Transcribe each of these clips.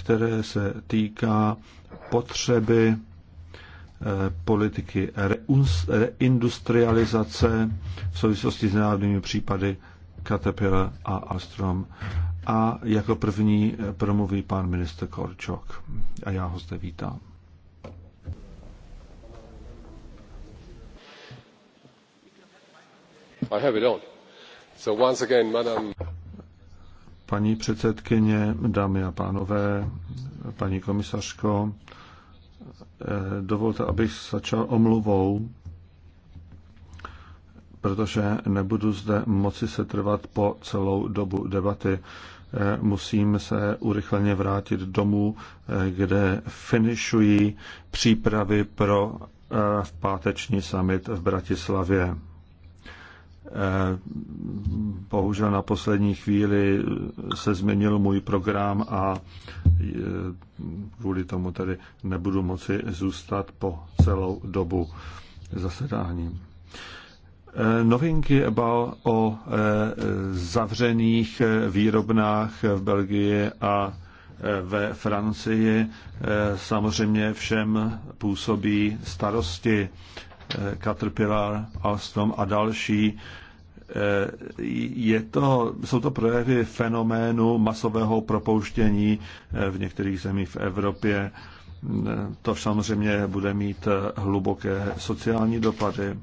které se týká potřeby eh, politiky reindustrializace v souvislosti s národními případy Caterpillar a Astrom. A jako první eh, promluví pan minister Korčok. A já ho zde vítám. I have it on. So once again, Madam Paní předsedkyně, dámy a pánové, paní komisařko, eh, dovolte, abych začal omluvou, protože nebudu zde moci se trvat po celou dobu debaty. Eh, musím se urychleně vrátit domů, eh, kde finišují přípravy pro v páteční summit v Bratislavě. Eh, bohužel na poslední chvíli se změnil můj program a eh, kvůli tomu tady nebudu moci zůstat po celou dobu zasedání. Eh, novinky o zavřených výrobnách v Belgii a ve Francii samozřejmě všem působí starosti Caterpillar, Alstom a další Eh, je to, jsou to projevy fenoménu masového propouštění eh, v některých zemích v Evropě. Eh, to samozřejmě bude mít hluboké sociální dopady.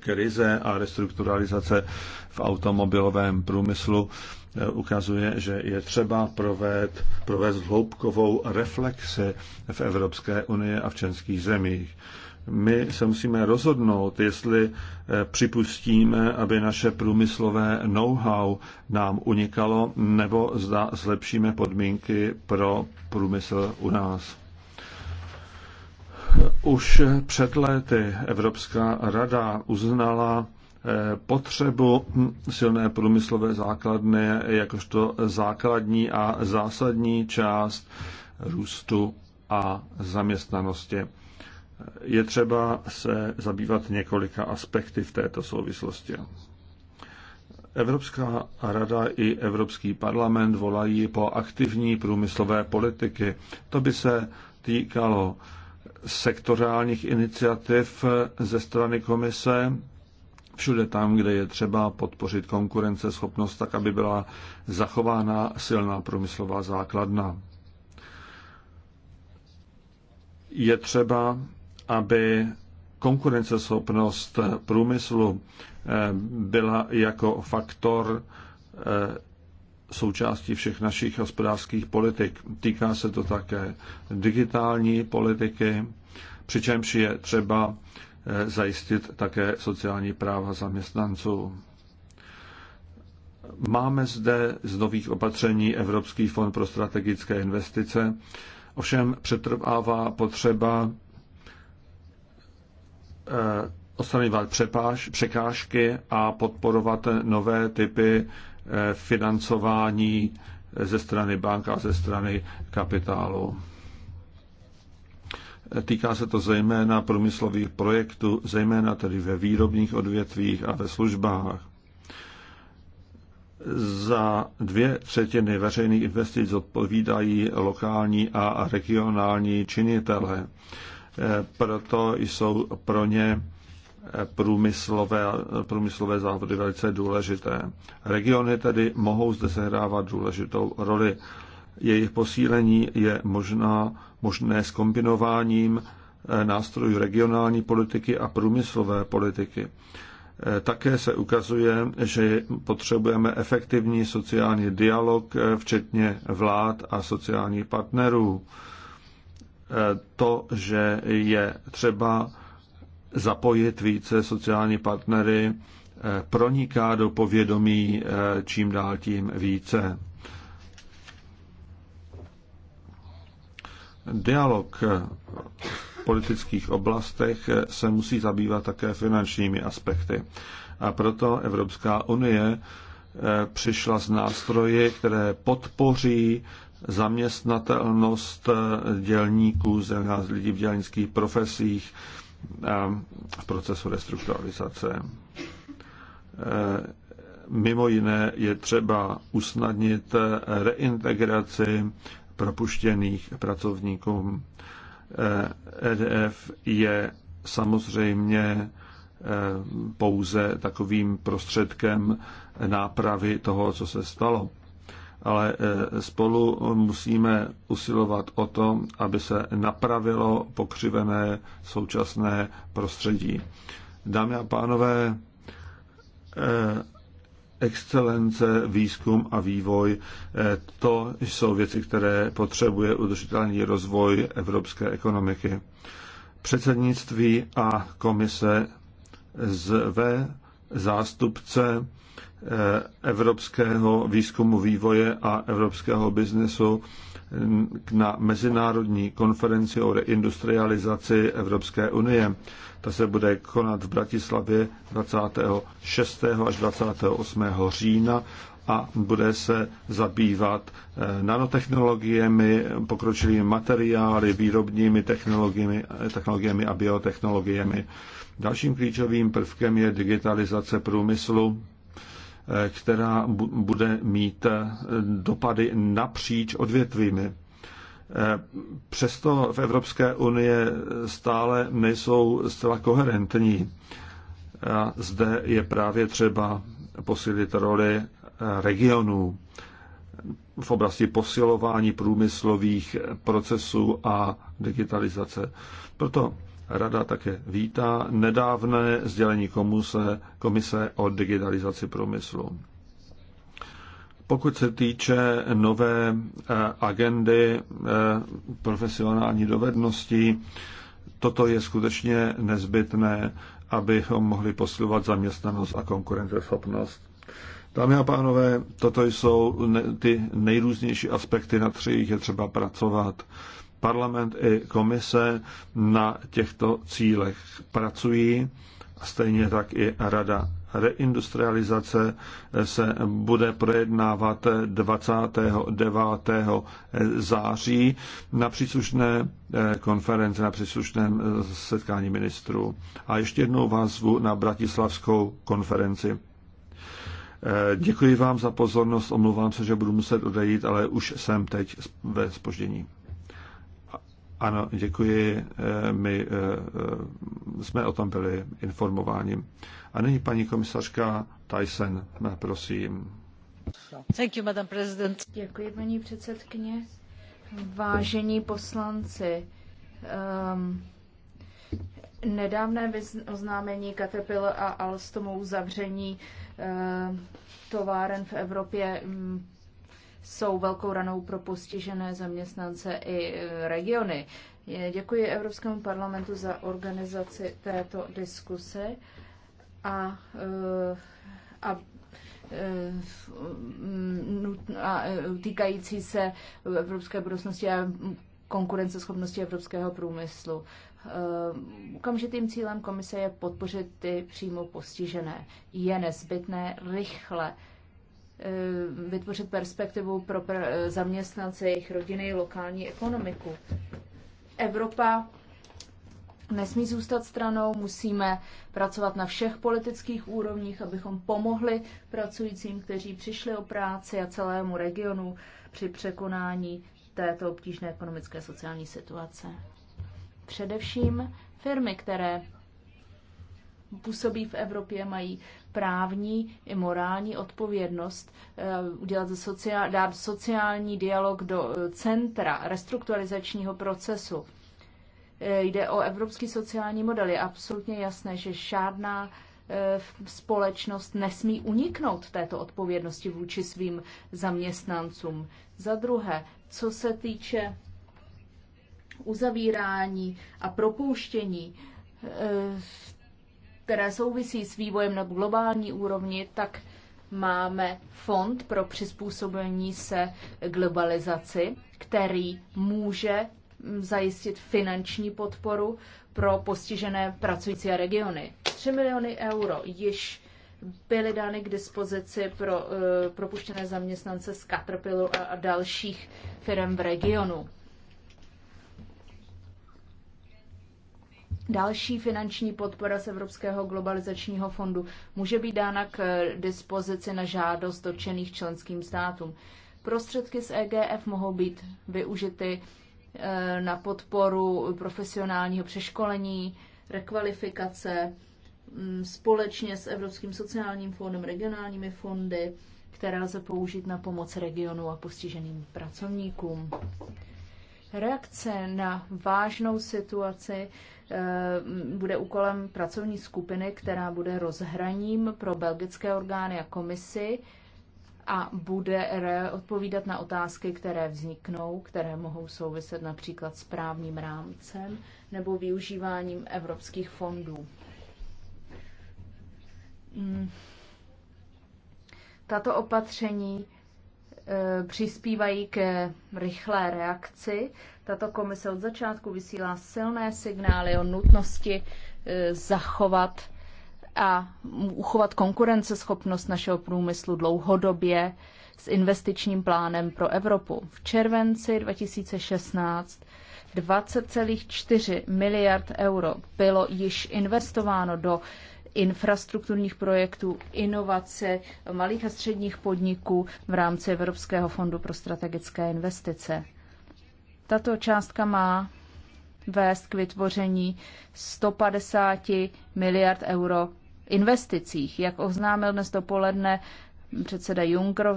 Krize a restrukturalizace v automobilovém průmyslu ukazuje, že je třeba provést, provést hloubkovou reflexi v Evropské unii a v českých zemích my se musíme rozhodnout, jestli eh, připustíme, aby naše průmyslové know-how nám unikalo, nebo zda zlepšíme podmínky pro průmysl u nás. Už před lety Evropská rada uznala eh, potřebu silné průmyslové základny jakožto základní a zásadní část růstu a zaměstnanosti je třeba se zabývat několika aspekty v této souvislosti. Evropská rada i Evropský parlament volají po aktivní průmyslové politiky. To by se týkalo sektorálních iniciativ ze strany komise, všude tam, kde je třeba podpořit konkurenceschopnost, tak aby byla zachována silná průmyslová základna. Je třeba aby konkurenceschopnost průmyslu eh, byla jako faktor eh, součástí všech našich hospodářských politik. Týká se to také digitální politiky, přičemž je třeba eh, zajistit také sociální práva zaměstnanců. Máme zde z nových opatření Evropský fond pro strategické investice, ovšem přetrvává potřeba Eh, odstraňovat přepáž, překážky a podporovat nové typy eh, financování ze strany bank a ze strany kapitálu. Týká se to zejména průmyslových projektů, zejména tedy ve výrobních odvětvích a ve službách. Za dvě třetiny veřejných investic odpovídají lokální a regionální činitele proto jsou pro ně průmyslové, průmyslové závody velice důležité. Regiony tedy mohou zde sehrávat důležitou roli. Jejich posílení je možná, možné s kombinováním eh, nástrojů regionální politiky a průmyslové politiky. Eh, také se ukazuje, že potřebujeme efektivní sociální dialog, eh, včetně vlád a sociálních partnerů to, že je třeba zapojit více sociální partnery, eh, proniká do povědomí eh, čím dál tím více. Dialog v politických oblastech se musí zabývat také finančními aspekty. A proto Evropská unie přišla s nástroji, které podpoří zaměstnatelnost dělníků, zejména lidí v dělnických profesích v procesu restrukturalizace. E, mimo jiné je třeba usnadnit reintegraci propuštěných pracovníků. EDF e je samozřejmě pouze takovým prostředkem nápravy toho, co se stalo. Ale e, spolu musíme usilovat o to, aby se napravilo pokřivené současné prostředí. Dámy a pánové, e, excelence, výzkum a vývoj, e, to jsou věci, které potřebuje udržitelný rozvoj evropské ekonomiky. Předsednictví a komise zve zástupce eh, evropského výzkumu vývoje a evropského biznesu na mezinárodní konferenci o reindustrializaci Evropské unie. Ta se bude konat v Bratislavě 26. až 28. října a bude se zabývat eh, nanotechnologiemi, pokročilými materiály, výrobními technologiemi, eh, technologiemi a biotechnologiemi. Dalším klíčovým prvkem je digitalizace průmyslu, eh, která bude mít dopady napříč odvětvími. Přesto v Evropské unie stále nejsou zcela koherentní. A zde je právě třeba posílit roli regionů v oblasti posilování průmyslových procesů a digitalizace. Proto Rada také vítá nedávné sdělení komise, komise o digitalizaci průmyslu. Pokud se týče nové eh, agendy eh, profesionální dovednosti, toto je skutečně nezbytné, abychom mohli posilovat zaměstnanost a konkurenceschopnost. Dámy a pánové, toto jsou ty nejrůznější aspekty, na kterých je třeba pracovat. Parlament i komise na těchto cílech pracují, stejně tak i Rada reindustrializace se bude projednávat 29. září na příslušné eh, konferenci, na příslušném eh, setkání ministrů. A ještě jednou vás zvu na Bratislavskou konferenci. Eh, děkuji vám za pozornost, omlouvám se, že budu muset odejít, ale už jsem teď ve spoždění. Ano, děkuji. Eh, my eh, jsme o tom byli informováni. A nyní paní komisařka Tyson, prosím. Thank you, Madam President. Děkuji, paní předsedkyně. Vážení poslanci, um, nedávné oznámení Caterpillar a Alstomu uzavření uh, Eh, továren v Evropě mm, jsou velkou ranou pro postižené zaměstnance i eh, regiony. Děkuji Evropskému parlamentu za organizaci této diskuse a, eh, a a týkající se evropské budoucnosti a konkurenceschopnosti evropského průmyslu. Eh, okamžitým cílem komise je podpořit ty přímo postižené. Je nezbytné rychle eh, vytvořit perspektivu pro eh, zaměstnance, jejich rodiny, lokální ekonomiku. Evropa nesmí zůstat stranou, musíme pracovat na všech politických úrovních, abychom pomohli pracujícím, kteří přišli o práci a celému regionu při překonání této obtížné ekonomické sociální situace. Především firmy, které působí v Evropě, mají právní i morální odpovědnost eh, udělat sociál, dát sociální dialog do eh, centra restrukturalizačního procesu. Eh, jde o evropský sociální model. Je absolutně jasné, že žádná společnost nesmí uniknout této odpovědnosti vůči svým zaměstnancům. Za druhé, co se týče uzavírání a propouštění, eh, které souvisí s vývojem na globální úrovni, tak máme fond pro přizpůsobení se globalizaci, který může hm, zajistit finanční podporu pro postižené pracující regiony. 3 miliony euro již byly dány k dispozici pro uh, propuštěné zaměstnance z Caterpillar a, a dalších firm v regionu. Další finanční podpora z Evropského globalizačního fondu může být dána k dispozici na žádost dotčených členským státům. Prostředky z EGF mohou být využity eh, na podporu profesionálního přeškolení, rekvalifikace mm, společně s Evropským sociálním fondem, regionálními fondy, které lze použít na pomoc regionu a postiženým pracovníkům. Reakce na vážnou situaci Eh, bude úkolem pracovní skupiny, která bude rozhraním pro belgické orgány a komisi a bude odpovídat na otázky, které vzniknou, které mohou souviset například s právním rámcem nebo využíváním evropských fondů. Hmm. Tato opatření eh, přispívají k rychlé reakci tato komise od začátku vysílá silné signály o nutnosti e, zachovat a uchovat konkurenceschopnost našeho průmyslu dlouhodobě s investičním plánem pro Evropu. V červenci 2016 20,4 miliard euro bylo již investováno do infrastrukturních projektů, inovace malých a středních podniků v rámci Evropského fondu pro strategické investice. Tato částka má vést k vytvoření 150 miliard euro investicích. Jak oznámil dnes dopoledne předseda Juncker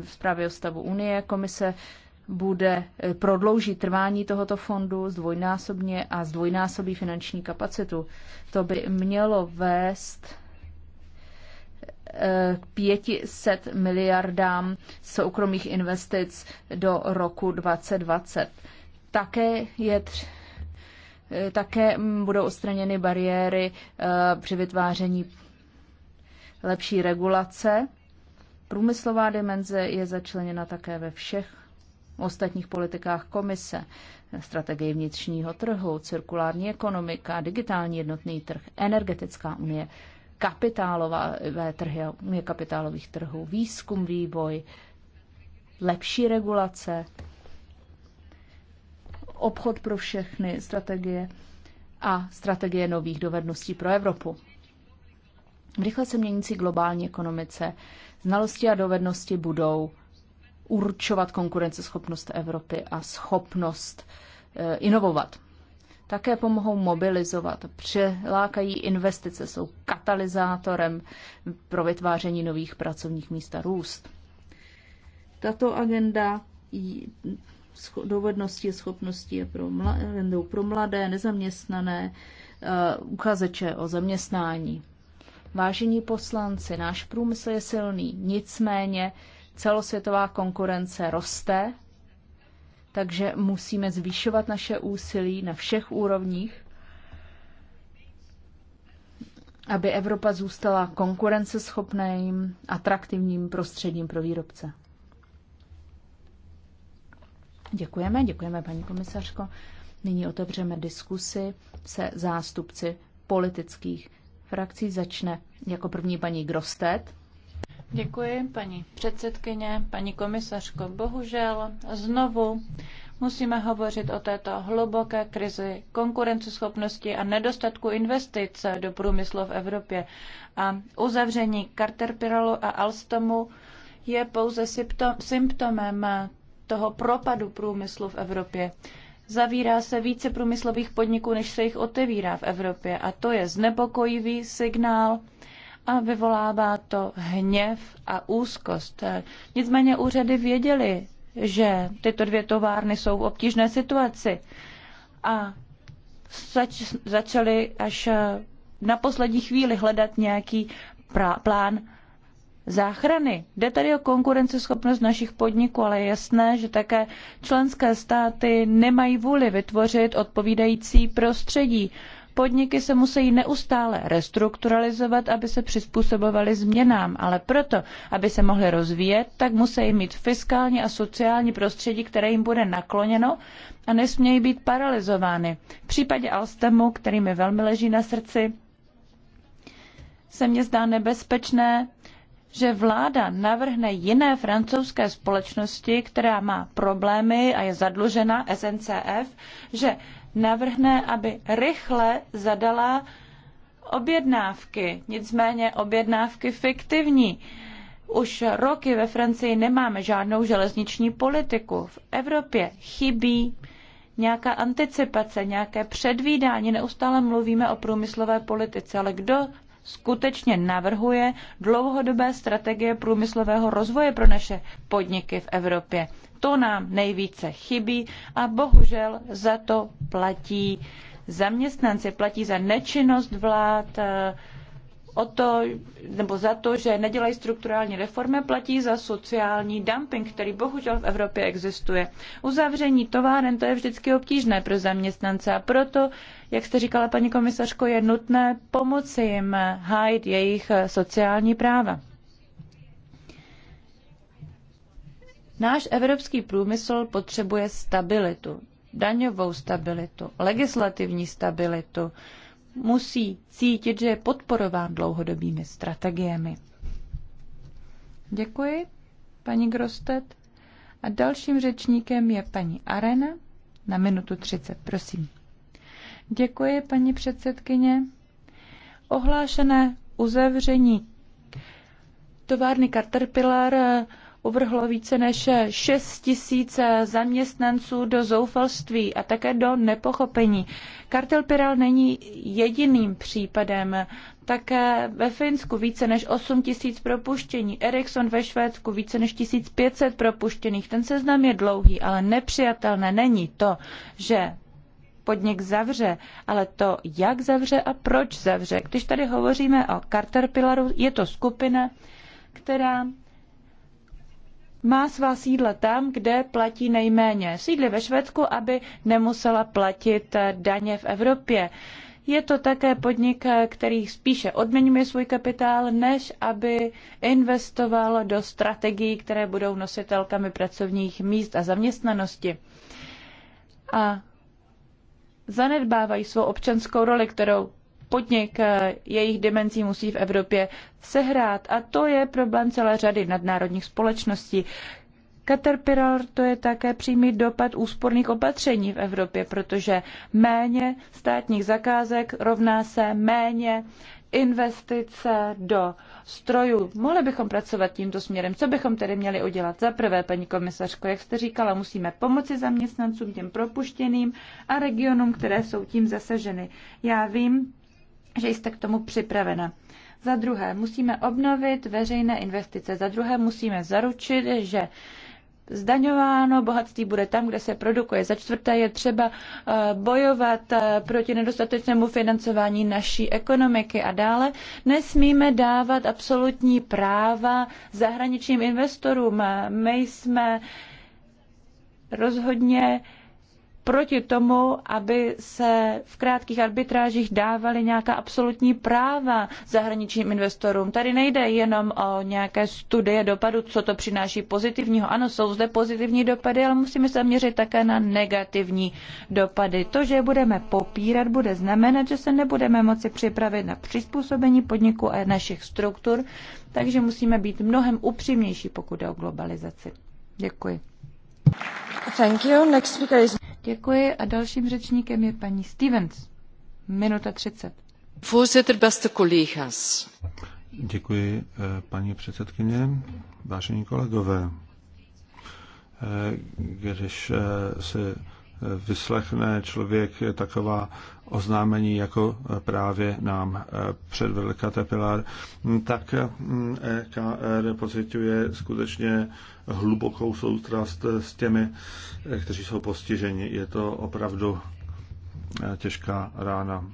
v zprávě o stavu Unie, komise bude eh, prodloužit trvání tohoto fondu zdvojnásobně a zdvojnásobí finanční kapacitu. To by mělo vést eh, k 500 miliardám soukromých investic do roku 2020. Také je tř... Eh, také budou odstraněny bariéry eh, při vytváření lepší regulace. Průmyslová dimenze je začleněna také ve všech ostatních politikách komise, Strategie vnitřního trhu, cirkulární ekonomika, digitální jednotný trh, energetická unie, kapitálové eh, trhy, unie kapitálových trhů, výzkum, vývoj, lepší regulace, obchod pro všechny, strategie a strategie nových dovedností pro Evropu. V rychle se měnící globální ekonomice znalosti a dovednosti budou určovat konkurenceschopnost Evropy a schopnost eh, inovovat. Také pomohou mobilizovat, přilákají investice, jsou katalyzátorem pro vytváření nových pracovních míst a růst. Tato agenda dovednosti a schopnosti pro, mla, pro mladé, nezaměstnané, eh, uchazeče o zaměstnání. Vážení poslanci, náš průmysl je silný, nicméně celosvětová konkurence roste, takže musíme zvýšovat naše úsilí na všech úrovních, aby Evropa zůstala konkurenceschopným, atraktivním prostředím pro výrobce. Děkujeme, děkujeme paní komisařko. Nyní otevřeme diskusy se zástupci politických frakcí. Začne jako první paní Grostet. Děkuji, paní předsedkyně, paní komisařko. Bohužel znovu musíme hovořit o této hluboké krizi konkurenceschopnosti a nedostatku investic do průmyslu v Evropě. A uzavření Carterpiralu a Alstomu je pouze symptomem toho propadu průmyslu v Evropě. Zavírá se více průmyslových podniků, než se jich otevírá v Evropě a to je znepokojivý signál a vyvolává to hněv a úzkost. Nicméně úřady věděly, že tyto dvě továrny jsou v obtížné situaci a zač- začaly až na poslední chvíli hledat nějaký plán záchrany. Jde tedy o konkurenceschopnost našich podniků, ale je jasné, že také členské státy nemají vůli vytvořit odpovídající prostředí. Podniky se musí neustále restrukturalizovat, aby se přizpůsobovaly změnám, ale proto, aby se mohly rozvíjet, tak musí mít fiskální a sociální prostředí, které jim bude nakloněno a nesmějí být paralizovány. V případě Alstemu, který mi velmi leží na srdci, se mně zdá nebezpečné že vláda navrhne jiné francouzské společnosti, která má problémy a je zadlužena SNCF, že navrhne, aby rychle zadala objednávky, nicméně objednávky fiktivní. Už roky ve Francii nemáme žádnou železniční politiku. V Evropě chybí nějaká anticipace, nějaké předvídání. Neustále mluvíme o průmyslové politice, ale kdo skutečně navrhuje dlouhodobé strategie průmyslového rozvoje pro naše podniky v Evropě. To nám nejvíce chybí a bohužel za to platí zaměstnanci, platí za nečinnost vlád, eh, o to, nebo za to, že nedělají strukturální reformy, platí za sociální dumping, který bohužel v Evropě existuje. Uzavření továren to je vždycky obtížné pro zaměstnance a proto, jak jste říkala, paní komisařko, je nutné pomoci jim hájit jejich sociální práva. Náš evropský průmysl potřebuje stabilitu, daňovou stabilitu, legislativní stabilitu, musí cítit, že je podporován dlouhodobými strategiemi. Děkuji, paní Grostet. A dalším řečníkem je paní Arena na minutu 30, prosím. Děkuji, paní předsedkyně. Ohlášené uzavření továrny Caterpillar uvrhlo více než 6 tisíc zaměstnanců do zoufalství a také do nepochopení. Kartel Piral není jediným případem. Také ve Finsku více než 8 tisíc propuštění, Ericsson ve Švédsku více než 1500 propuštěných. Ten seznam je dlouhý, ale nepřijatelné není to, že podnik zavře, ale to, jak zavře a proč zavře. Když tady hovoříme o Pilaru, je to skupina, která má svá sídla tam, kde platí nejméně. Sídly ve Švédsku, aby nemusela platit eh, daně v Evropě. Je to také podnik, eh, který spíše odměňuje svůj kapitál, než aby investoval do strategií, které budou nositelkami pracovních míst a zaměstnanosti. A zanedbávají svou občanskou roli, kterou podnik, eh, jejich dimenzí musí v Evropě sehrát. A to je problém celé řady nadnárodních společností. Caterpillar to je také přímý dopad úsporných opatření v Evropě, protože méně státních zakázek rovná se méně investice do strojů. Mohli bychom pracovat tímto směrem. Co bychom tedy měli udělat? Za prvé, paní komisařko, jak jste říkala, musíme pomoci zaměstnancům, těm propuštěným a regionům, které jsou tím zasaženy. Já vím, že jste k tomu připravena. Za druhé, musíme obnovit veřejné investice. Za druhé, musíme zaručit, že zdaňováno, bohatství bude tam, kde se produkuje. Za čtvrté je třeba eh, bojovat eh, proti nedostatečnému financování naší ekonomiky a dále nesmíme dávat absolutní práva zahraničním investorům. Eh, my jsme rozhodně proti tomu, aby se v krátkých arbitrážích dávaly nějaká absolutní práva zahraničním investorům. Tady nejde jenom o nějaké studie dopadu, co to přináší pozitivního. Ano, jsou zde pozitivní dopady, ale musíme se měřit také na negativní dopady. To, že budeme popírat, bude znamenat, že se nebudeme moci připravit na přizpůsobení podniku a našich struktur, takže musíme být mnohem upřímnější, pokud jde o globalizaci. Děkuji. Thank you. Next speaker is... Děkuji a dalším řečníkem je paní Stevens. Minuta 30. Vůzitr, beste collega's. Děkuji, eh, paní předsedkyně. Vážení kolegové, eh, když eh, se vyslechne člověk taková oznámení, jako právě nám předvedl Caterpillar, tak EKR pocituje skutečně hlubokou soustrast s těmi, kteří jsou postiženi. Je to opravdu těžká rána.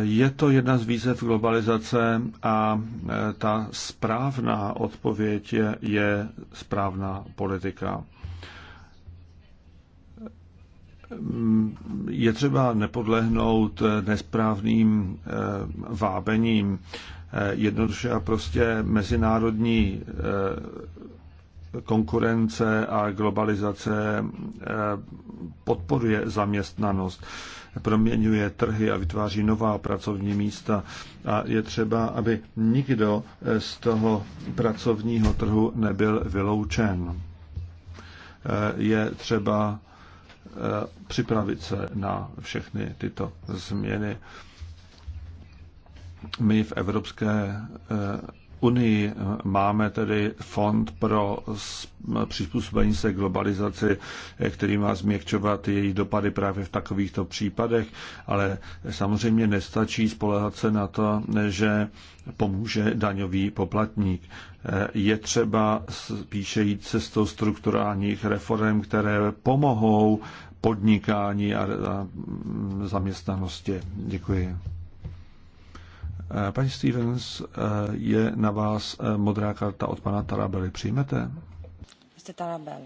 Je to jedna z výzev globalizace a ta správná odpověď je, je správná politika je třeba nepodlehnout nesprávným eh, vábením. Eh, jednoduše a prostě mezinárodní eh, konkurence a globalizace podporuje zaměstnanost, proměňuje trhy a vytváří nová pracovní místa. A je třeba, aby nikdo z toho pracovního trhu nebyl vyloučen. Je třeba Eh, připravit se na všechny tyto změny. My v Evropské eh, unii máme tedy fond pro přizpůsobení se globalizaci, eh, který má změkčovat její dopady právě v takovýchto případech, ale samozřejmě nestačí spolehat se na to, že pomůže daňový poplatník je třeba spíše jít cestou strukturálních reform, které pomohou podnikání a zaměstnanosti. Děkuji. Paní Stevens, je na vás modrá karta od pana Tarabely. Přijmete? Jste Tarabel.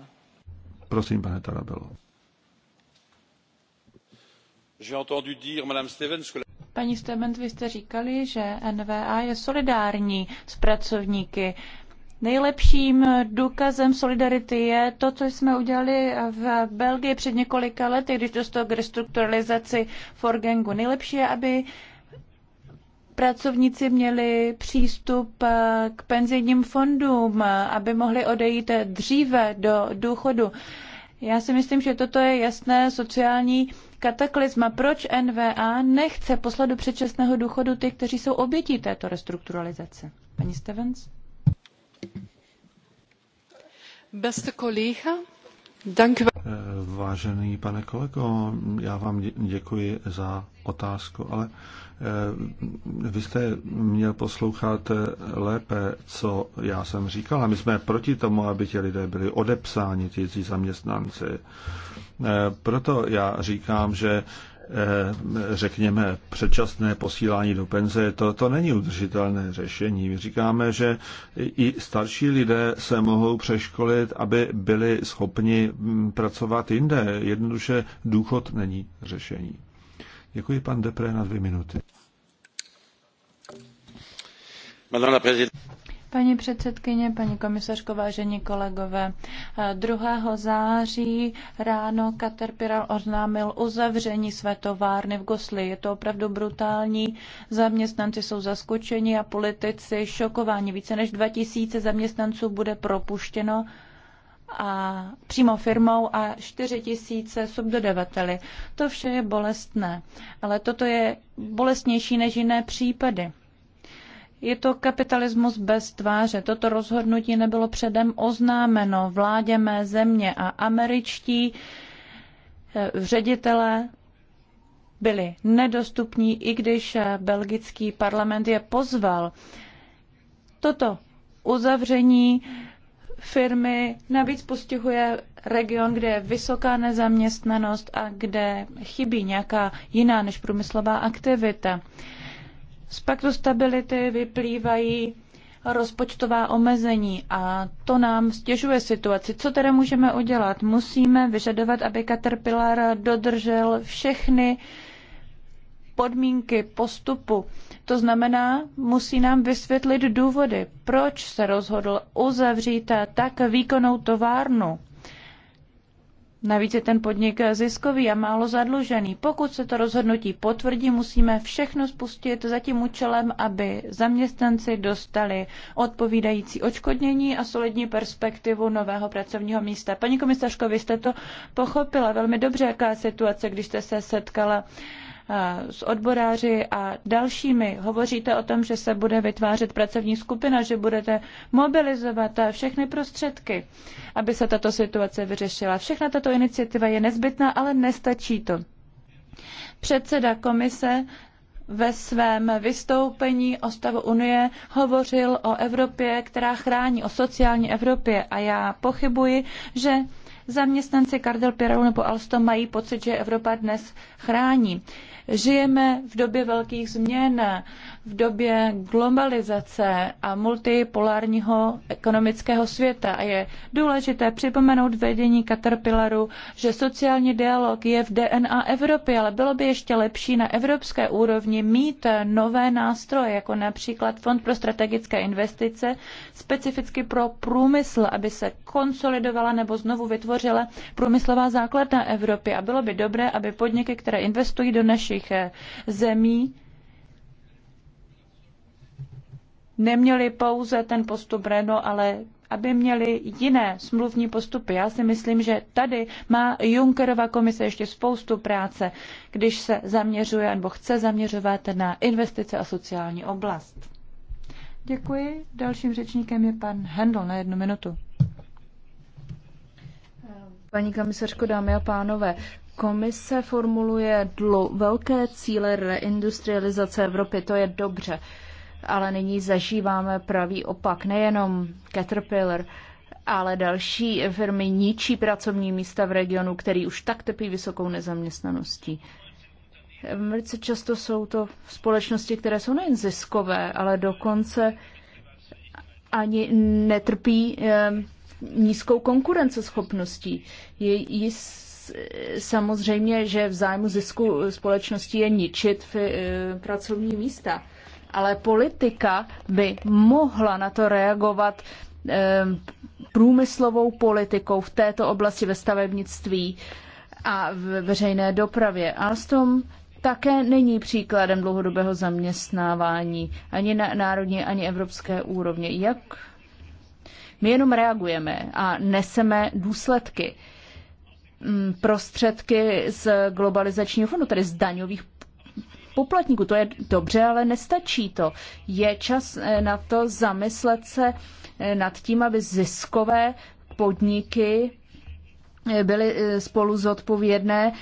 Prosím, pane Tarabelo. J'ai entendu dire, Madame Stevens, que Paní Stement, vy jste říkali, že NVA je solidární s pracovníky. Nejlepším důkazem solidarity je to, co jsme udělali v Belgii před několika lety, když dostal k restrukturalizaci Forgengu. Nejlepší je, aby pracovníci měli přístup k penzijním fondům, aby mohli odejít dříve do důchodu. Já si myslím, že toto je jasné sociální kataklizma, proč NVA nechce poslat do předčasného důchodu ty, kteří jsou obětí této restrukturalizace. Paní Stevens? Beste kolega, dank eh, Vážený pane kolego, já vám děkuji za otázku, ale Eh, vy jste měl poslouchat lépe, co já jsem říkal. A my jsme proti tomu, aby ti lidé byli odepsáni, ti zaměstnanci. Eh, proto já říkám, že eh, řekněme, předčasné posílání do penze, to, to není udržitelné řešení. My říkáme, že i starší lidé se mohou přeškolit, aby byli schopni mm, pracovat jinde. Jednoduše důchod není řešení. Děkuji, pan Depré, na dvě minuty. Paní předsedkyně, paní komisařko, vážení kolegové, 2. září ráno Caterpillar oznámil uzavření své továrny v Gosli. Je to opravdu brutální, zaměstnanci jsou zaskočeni a politici šokováni. Více než 2000 zaměstnanců bude propuštěno a přímo firmou a 4 tisíce subdodavateli. To vše je bolestné, ale toto je bolestnější než jiné případy. Je to kapitalismus bez tváře. Toto rozhodnutí nebylo předem oznámeno vládě mé země a američtí eh, ředitele byli nedostupní, i když eh, belgický parlament je pozval. Toto uzavření firmy, navíc postihuje region, kde je vysoká nezaměstnanost a kde chybí nějaká jiná než průmyslová aktivita. Z paktu stability vyplývají rozpočtová omezení a to nám stěžuje situaci. Co tedy můžeme udělat? Musíme vyžadovat, aby Caterpillar dodržel všechny uh, podmínky postupu. To znamená, musí nám vysvětlit důvody, proč se rozhodl uzavřít tak výkonnou továrnu. Navíc je ten podnik ziskový a málo zadlužený. Pokud se to rozhodnutí potvrdí, musíme všechno spustit za tím účelem, aby zaměstnanci dostali odpovídající očkodnění a solidní perspektivu nového pracovního místa. Paní komisařko, vy jste to pochopila velmi dobře, jaká situace, když jste se setkala uh, s odboráři a dalšími. Hovoříte o tom, že se bude vytvářet pracovní skupina, že budete mobilizovat všechny prostředky, aby se tato situace vyřešila. Všechna tato iniciativa je nezbytná, ale nestačí to. Předseda komise ve svém vystoupení o stavu Unie hovořil o Evropě, která chrání, o sociální Evropě. A já pochybuji, že zaměstnanci Cardel Pirou nebo Alstom mají pocit, že Evropa dnes chrání. Žijeme v době velkých změn, v době globalizace a multipolárního ekonomického světa a je důležité připomenout vedení Caterpillaru, že sociální dialog je v DNA Evropy, ale bylo by ještě lepší na evropské úrovni mít nové nástroje, jako například Fond pro strategické investice, specificky pro průmysl, aby se konsolidovala nebo znovu vytvořila průmyslová základna Evropy. A bylo by dobré, aby podniky, které investují do naší našich eh, zemí neměli pouze ten postup Renault, ale aby měli jiné smluvní postupy. Já si myslím, že tady má Junckerova komise ještě spoustu práce, když se zaměřuje nebo chce zaměřovat na investice a sociální oblast. Děkuji. Dalším řečníkem je pan Hendl na jednu minutu. Paní komisařko, dámy a pánové, Komise formuluje dlu, velké cíle reindustrializace Evropy, to je dobře, ale nyní zažíváme pravý opak. Nejenom Caterpillar, ale další firmy ničí pracovní místa v regionu, který už tak trpí vysokou nezaměstnaností. Velice často jsou to společnosti, které jsou nejen ziskové, ale dokonce ani netrpí eh, nízkou konkurenceschopností. Je jist samozřejmě, že v zájmu zisku společnosti je ničit eh, pracovní místa, ale politika by mohla na to reagovat eh, průmyslovou politikou v této oblasti ve stavebnictví a v veřejné dopravě. Alstom také není příkladem dlouhodobého zaměstnávání ani na národní, ani evropské úrovně. Jak my jenom reagujeme a neseme důsledky. Mm, prostředky z globalizačního fondu, tedy z daňových poplatníků. To je dobře, ale nestačí to. Je čas eh, na to zamyslet se eh, nad tím, aby ziskové podniky eh, byly spolu zodpovědné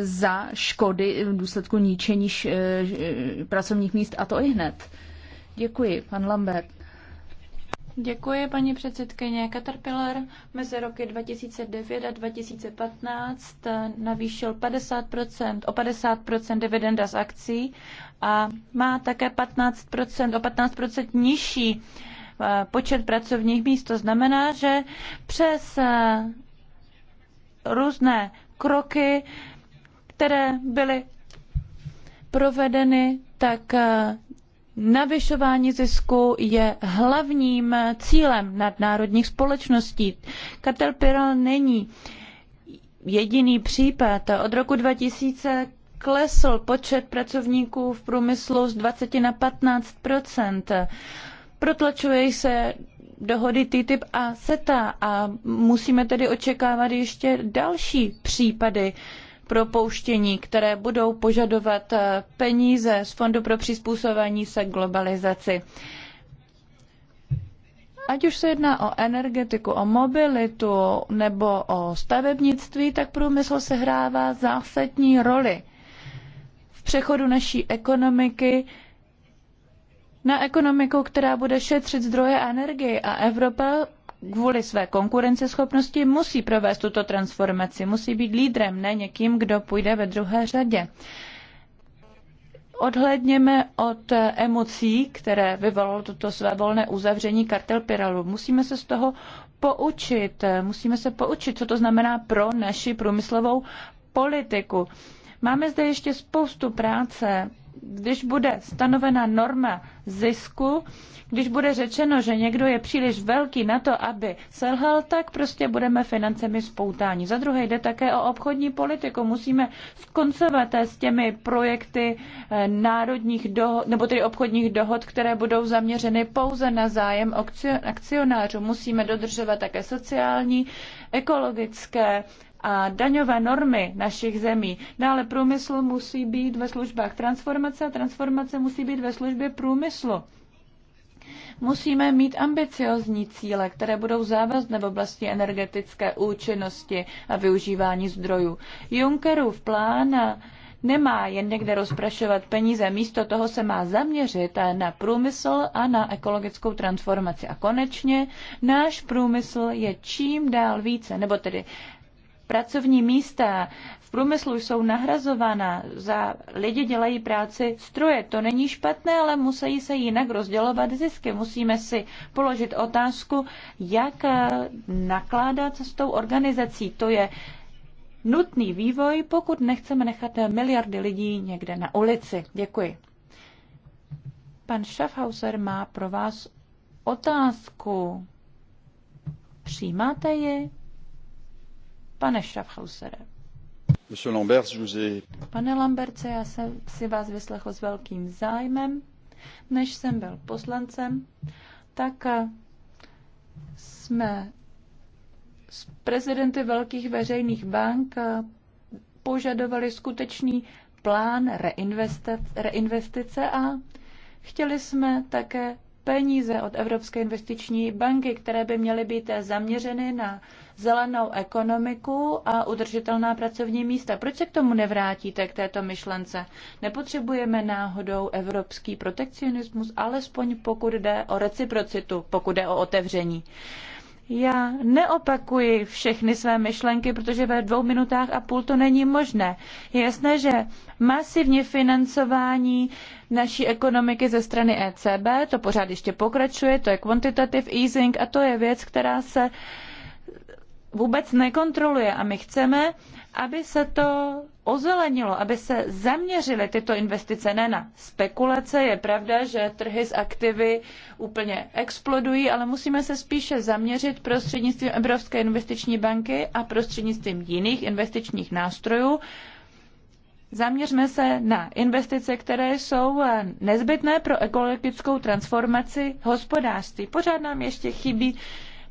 za škody v důsledku ničení pracovních míst a to i hned. Děkuji, pan Lambert. Děkuji, paní předsedkyně. Caterpillar mezi roky 2009 a 2015 navýšil 50 o 50 dividenda z akcí a má také 15 o 15 nižší eh, počet pracovních míst. To znamená, že přes eh, různé kroky, které byly provedeny, tak eh, Navyšování zisku je hlavním cílem nadnárodních společností. Caterpillar není jediný případ. Od roku 2000 klesl počet pracovníků v průmyslu z 20 na 15 Protlačuje se dohody TTIP a SETA a musíme tedy očekávat ještě další případy propouštění, které budou požadovat eh, peníze z Fondu pro přizpůsobení se globalizaci. Ať už se jedná o energetiku, o mobilitu nebo o stavebnictví, tak průmysl sehrává zásadní roli v přechodu naší ekonomiky na ekonomiku, která bude šetřit zdroje energie a Evropa kvůli své konkurenceschopnosti musí provést tuto transformaci, musí být lídrem, ne někým, kdo půjde ve druhé řadě. Odhledněme od emocí, které vyvolalo toto své volné uzavření kartel Piralu. Musíme se z toho poučit. Musíme se poučit, co to znamená pro naši průmyslovou politiku. Máme zde ještě spoustu práce když bude stanovena norma zisku, když bude řečeno, že někdo je příliš velký na to, aby selhal, tak prostě budeme financemi spoutání. Za druhé jde také o obchodní politiku. Musíme skoncovat s těmi projekty eh, národních dohod, nebo tedy obchodních dohod, které budou zaměřeny pouze na zájem akcionářů. Musíme dodržovat také sociální, ekologické, a daňové normy našich zemí. Dále průmysl musí být ve službách transformace a transformace musí být ve službě průmyslu. Musíme mít ambiciozní cíle, které budou závazné v oblasti energetické účinnosti a využívání zdrojů. Junckerův plán nemá jen někde rozprašovat peníze, místo toho se má zaměřit na průmysl a na ekologickou transformaci. A konečně náš průmysl je čím dál více, nebo tedy pracovní místa v průmyslu jsou nahrazována, za lidi dělají práci stroje. To není špatné, ale musí se jinak rozdělovat zisky. Musíme si položit otázku, jak eh, nakládat s tou organizací. To je nutný vývoj, pokud nechceme nechat miliardy lidí někde na ulici. Děkuji. Pan Schaffhauser má pro vás otázku. Přijímáte ji? Pane Schaffhausere. Lambert, je... Pane Lamberce, já jsem si vás vyslechl s velkým zájmem. Než jsem byl poslancem, tak eh, jsme s prezidenty velkých veřejných bank eh, požadovali skutečný plán reinvestice a chtěli jsme také peníze od Evropské investiční banky, které by měly být zaměřeny na zelenou ekonomiku a udržitelná pracovní místa. Proč se k tomu nevrátíte, k této myšlence? Nepotřebujeme náhodou evropský protekcionismus, alespoň pokud jde o reciprocitu, pokud jde o otevření. Já neopakuji všechny své myšlenky, protože ve dvou minutách a půl to není možné. Je jasné, že masivní financování naší ekonomiky ze strany ECB, to pořád ještě pokračuje, to je quantitative easing a to je věc, která se uh, vůbec nekontroluje a my chceme, aby se to ozelenilo, aby se zaměřily tyto investice ne na spekulace. Je pravda, že trhy s aktivy úplně explodují, ale musíme se spíše zaměřit prostřednictvím Evropské investiční banky a prostřednictvím jiných investičních nástrojů. Zaměřme se na investice, které jsou nezbytné pro ekologickou transformaci hospodářství. Pořád nám ještě chybí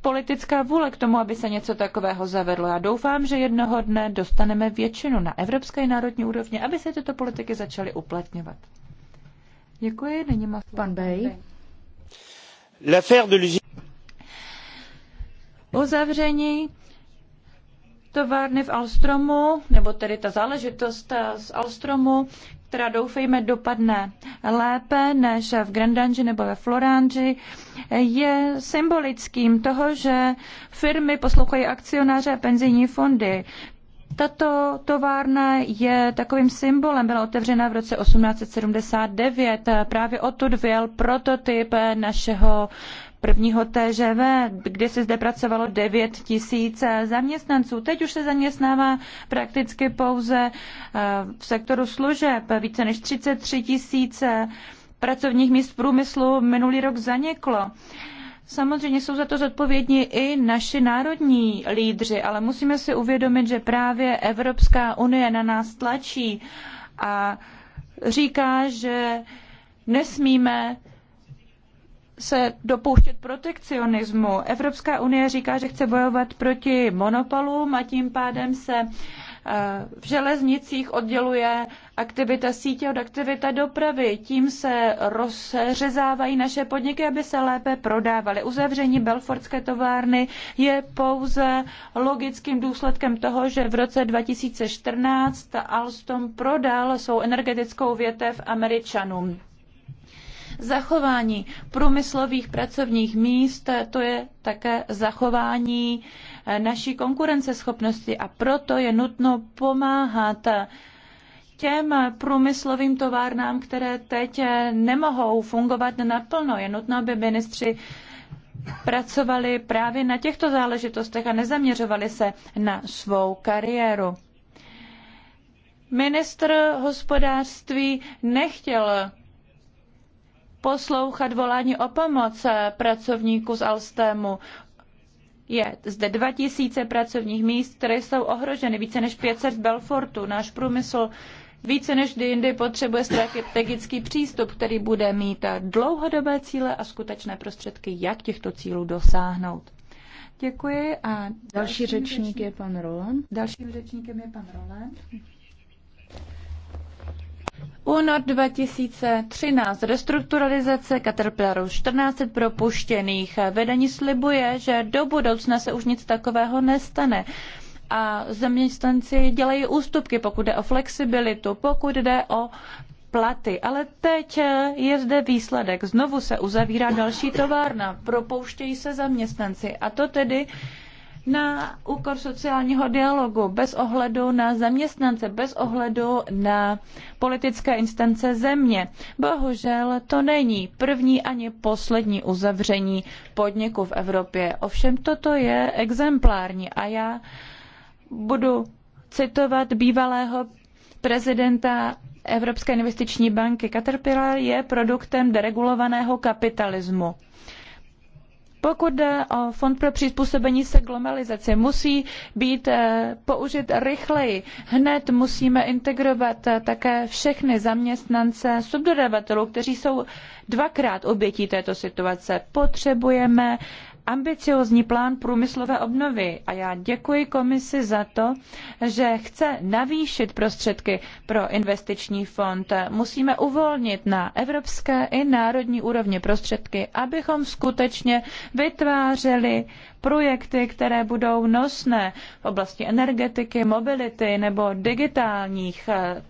politická vůle k tomu, aby se něco takového zavedlo. Já doufám, že jednoho dne dostaneme většinu na evropské národní úrovni, aby se tyto politiky začaly uplatňovat. Děkuji, není má pan Bej. Uzavření továrny v Alstromu, nebo tedy ta záležitost z Alstromu, která doufejme dopadne lépe než v Grandanži nebo ve Floranži, je symbolickým toho, že firmy poslouchají akcionáře a penzijní fondy. Tato továrna je takovým symbolem, byla otevřena v roce 1879. Právě odtud vyjel prototyp našeho prvního TŽV, kde se zde pracovalo 9 tisíc zaměstnanců. Teď už se zaměstnává prakticky pouze eh, v sektoru služeb více než 33 tisíc eh, pracovních míst v průmyslu minulý rok zaniklo. Samozřejmě jsou za to zodpovědní i naši národní lídři, ale musíme si uvědomit, že právě Evropská unie na nás tlačí a říká, že nesmíme se dopouštět protekcionismu. Evropská unie říká, že chce bojovat proti monopolům a tím pádem se eh, v železnicích odděluje aktivita sítě od aktivita dopravy. Tím se rozřezávají naše podniky, aby se lépe prodávaly. Uzavření Belfordské továrny je pouze logickým důsledkem toho, že v roce 2014 Alstom prodal svou energetickou větev Američanům zachování průmyslových pracovních míst, to je také zachování eh, naší konkurenceschopnosti a proto je nutno pomáhat těm průmyslovým továrnám, které teď eh, nemohou fungovat naplno. Je nutno, aby ministři pracovali právě na těchto záležitostech a nezaměřovali se na svou kariéru. Ministr hospodářství nechtěl poslouchat volání o pomoc eh, pracovníků z Alstému. Je zde 2000 pracovních míst, které jsou ohroženy, více než 500 v Belfortu. Náš průmysl více než kdy jindy potřebuje strategický přístup, který bude mít dlouhodobé cíle a skutečné prostředky, jak těchto cílů dosáhnout. Děkuji a další řečník, řečník je pan Roland. Dalším řečníkem je pan Roland. Únor 2013 restrukturalizace Caterpillaru 14 propuštěných. Vedení slibuje, že do budoucna se už nic takového nestane a zaměstnanci dělají ústupky, pokud jde o flexibilitu, pokud jde o platy. Ale teď je zde výsledek. Znovu se uzavírá další továrna, propouštějí se zaměstnanci a to tedy na úkor sociálního dialogu, bez ohledu na zaměstnance, bez ohledu na politické instance země. Bohužel to není první ani poslední uzavření podniku v Evropě. Ovšem toto je exemplární a já budu citovat bývalého prezidenta Evropské investiční banky. Caterpillar je produktem deregulovaného kapitalismu. Pokud jde o fond pro přizpůsobení se globalizaci, musí být eh, použit rychleji. Hned musíme integrovat eh, také všechny zaměstnance subdodavatelů, kteří jsou dvakrát obětí této situace. Potřebujeme ambiciozní plán průmyslové obnovy a já děkuji komisi za to, že chce navýšit prostředky pro investiční fond. Musíme uvolnit na evropské i národní úrovni prostředky, abychom skutečně vytvářeli projekty, které budou nosné v oblasti energetiky, mobility nebo digitálních eh,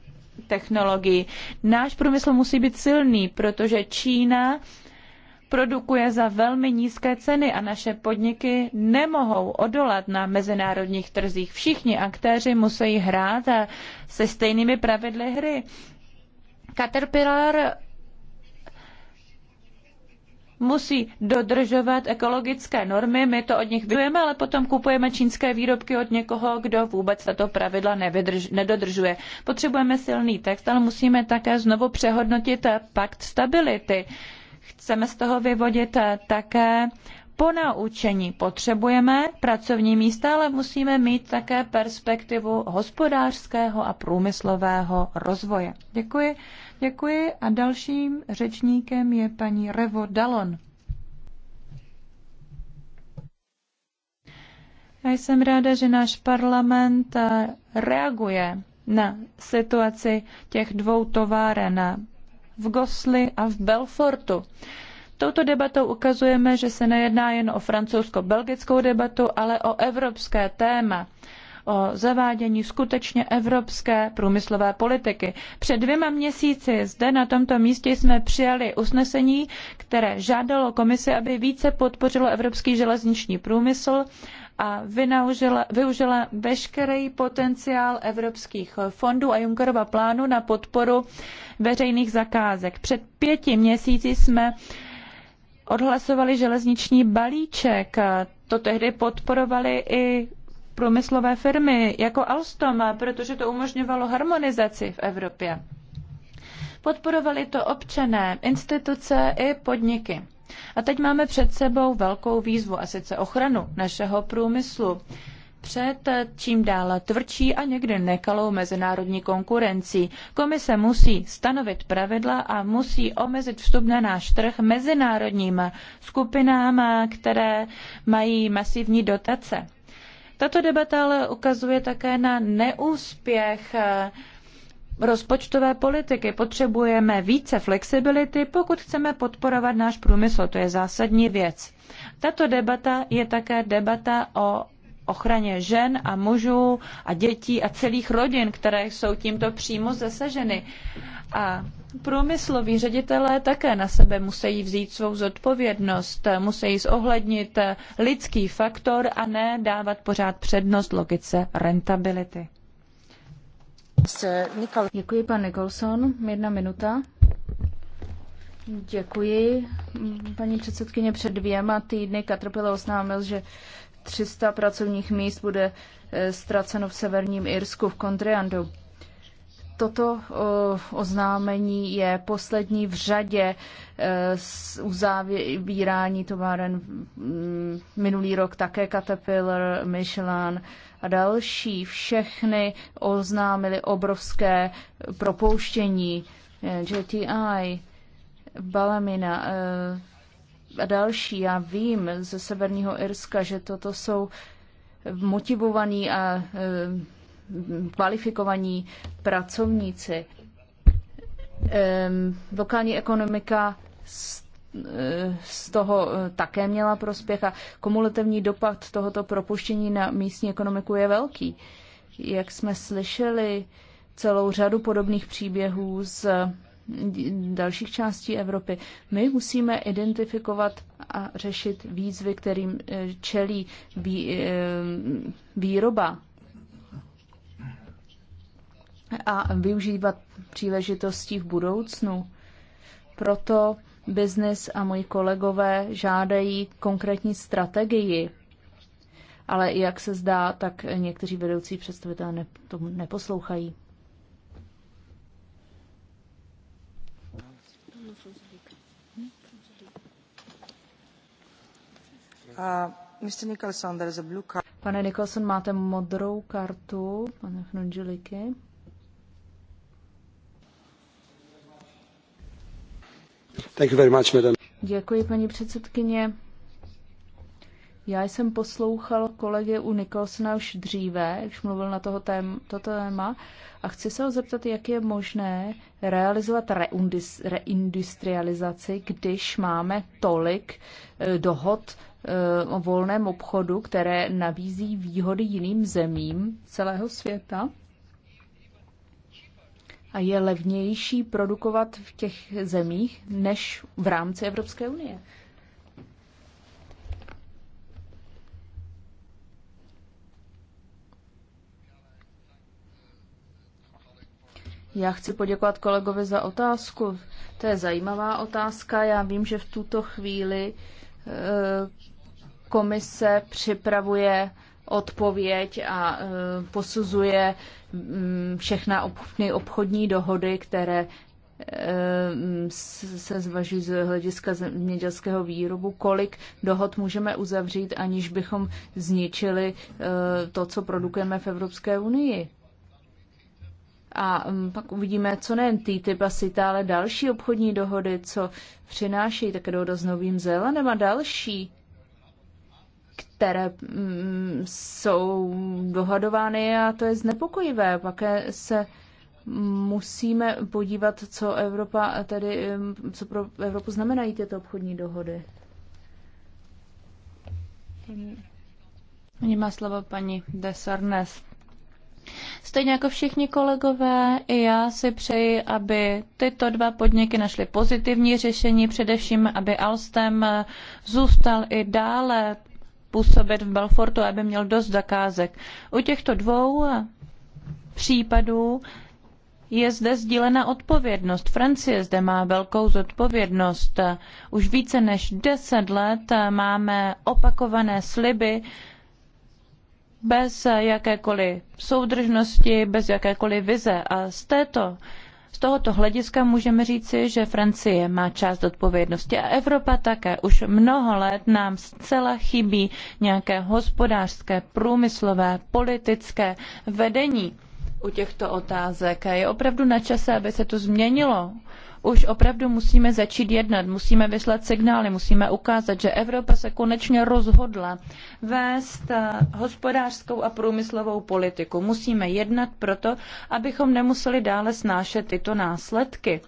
technologií. Náš průmysl musí být silný, protože Čína produkuje za velmi nízké ceny a naše podniky nemohou odolat na mezinárodních trzích. Všichni aktéři musí hrát se stejnými pravidly hry. Caterpillar musí dodržovat ekologické normy, my to od nich vyjeme, ale potom kupujeme čínské výrobky od někoho, kdo vůbec tato pravidla nevydrž, nedodržuje. Potřebujeme silný text, ale musíme také znovu přehodnotit pakt stability. Chceme z toho vyvodit eh, také po naučení potřebujeme pracovní místa, ale musíme mít také perspektivu hospodářského a průmyslového rozvoje. Děkuji. Děkuji a dalším řečníkem je paní Revo Dalon. Já jsem ráda, že náš parlament eh, reaguje na situaci těch dvou továren v Gosli a v Belfortu. Touto debatou ukazujeme, že se nejedná jen o francouzsko-belgickou debatu, ale o evropské téma o zavádění skutečně evropské průmyslové politiky. Před dvěma měsíci zde na tomto místě jsme přijali usnesení, které žádalo komisi, aby více podpořilo evropský železniční průmysl a vynaužila, využila veškerý potenciál evropských fondů a Junckerova plánu na podporu veřejných zakázek. Před pěti měsíci jsme odhlasovali železniční balíček. To tehdy podporovali i průmyslové firmy jako Alstom, protože to umožňovalo harmonizaci v Evropě. Podporovali to občané, instituce i podniky. A teď máme před sebou velkou výzvu, a sice ochranu našeho průmyslu před čím dál tvrdší a někdy nekalou mezinárodní konkurencí. Komise musí stanovit pravidla a musí omezit vstup na náš trh mezinárodním skupinám, které mají masivní dotace. Tato debata ale ukazuje také na neúspěch rozpočtové politiky. Potřebujeme více flexibility, pokud chceme podporovat náš průmysl. To je zásadní věc. Tato debata je také debata o ochraně žen a mužů a dětí a celých rodin, které jsou tímto přímo zasaženy. A průmysloví ředitelé také na sebe musí vzít svou zodpovědnost, musí zohlednit lidský faktor a ne dávat pořád přednost logice rentability. Děkuji, pan Nicholson. Jedna minuta. Děkuji. Paní předsedkyně, před dvěma týdny Caterpillar oznámil, že 300 pracovních míst bude eh, ztraceno v severním Irsku v Kontriandu. Toto oznámení je poslední v řadě z eh, uzavírání továren mm, minulý rok také Caterpillar, Michelin, a další všechny oznámili obrovské propouštění eh, JTI, Balamina eh, a další. Já vím ze Severního Irska, že toto jsou motivovaní a eh, kvalifikovaní pracovníci. Lokální ekonomika z toho eh, také měla prospěch a kumulativní dopad tohoto propuštění na místní ekonomiku je velký. Jak jsme slyšeli celou řadu podobných příběhů z eh, dalších částí Evropy. My musíme identifikovat a řešit výzvy, kterým eh, čelí výroba a využívat příležitostí v budoucnu. Proto biznis a moji kolegové žádají konkrétní strategii, ale jak se zdá, tak někteří vedoucí představitelé ne, tomu neposlouchají. Uh, Mr. Nicholson, there is a blue card. Pane Nicholson, máte modrou kartu, pane Hnudžiliky. Thank you very much, madam. Děkuji, paní předsedkyně. Já jsem poslouchal kolegy u Nikolsona už dříve, když mluvil na toho tém, toto téma, a chci se ho zeptat, jak je možné realizovat reundis, reindustrializaci, když máme tolik eh, dohod eh, o volném obchodu, které nabízí výhody jiným zemím celého světa a je levnější produkovat v těch zemích než v rámci Evropské unie. Já chci poděkovat kolegovi za otázku. To je zajímavá otázka. Já vím, že v tuto chvíli eh, komise připravuje odpověď a eh, posuzuje Mm, všechna obchodní, obchodní dohody, které eh, se zvažují z hlediska zemědělského výrobu, kolik dohod můžeme uzavřít, aniž bychom zničili eh, to, co produkujeme v Evropské unii. A mm, pak uvidíme, co nejen TTIP a CITA, ale další obchodní dohody, co přináší také dohoda s Novým Zélandem a další které mm, jsou dohadovány a to je znepokojivé. Pak se musíme podívat, co Evropa tedy, mm, co pro Evropu znamenají tyto obchodní dohody. Nyní má slovo paní Desarnes. Stejně jako všichni kolegové, i já si přeji, aby tyto dva podniky našly pozitivní řešení, především aby Alstem eh, zůstal i dále působit v Belfortu, aby měl dost zakázek. U těchto dvou případů je zde sdílena odpovědnost. Francie zde má velkou zodpovědnost. Už více než deset let máme opakované sliby bez jakékoliv soudržnosti, bez jakékoliv vize. A z této z tohoto hlediska můžeme říci, že Francie má část odpovědnosti a Evropa také. Už mnoho let nám zcela chybí nějaké hospodářské, průmyslové, politické vedení u těchto otázek. Je opravdu na čase, aby se to změnilo. Už opravdu musíme začít jednat, musíme vyslat signály, musíme ukázat, že Evropa se konečně rozhodla vést eh, hospodářskou a průmyslovou politiku. Musíme jednat proto, abychom nemuseli dále snášet tyto následky.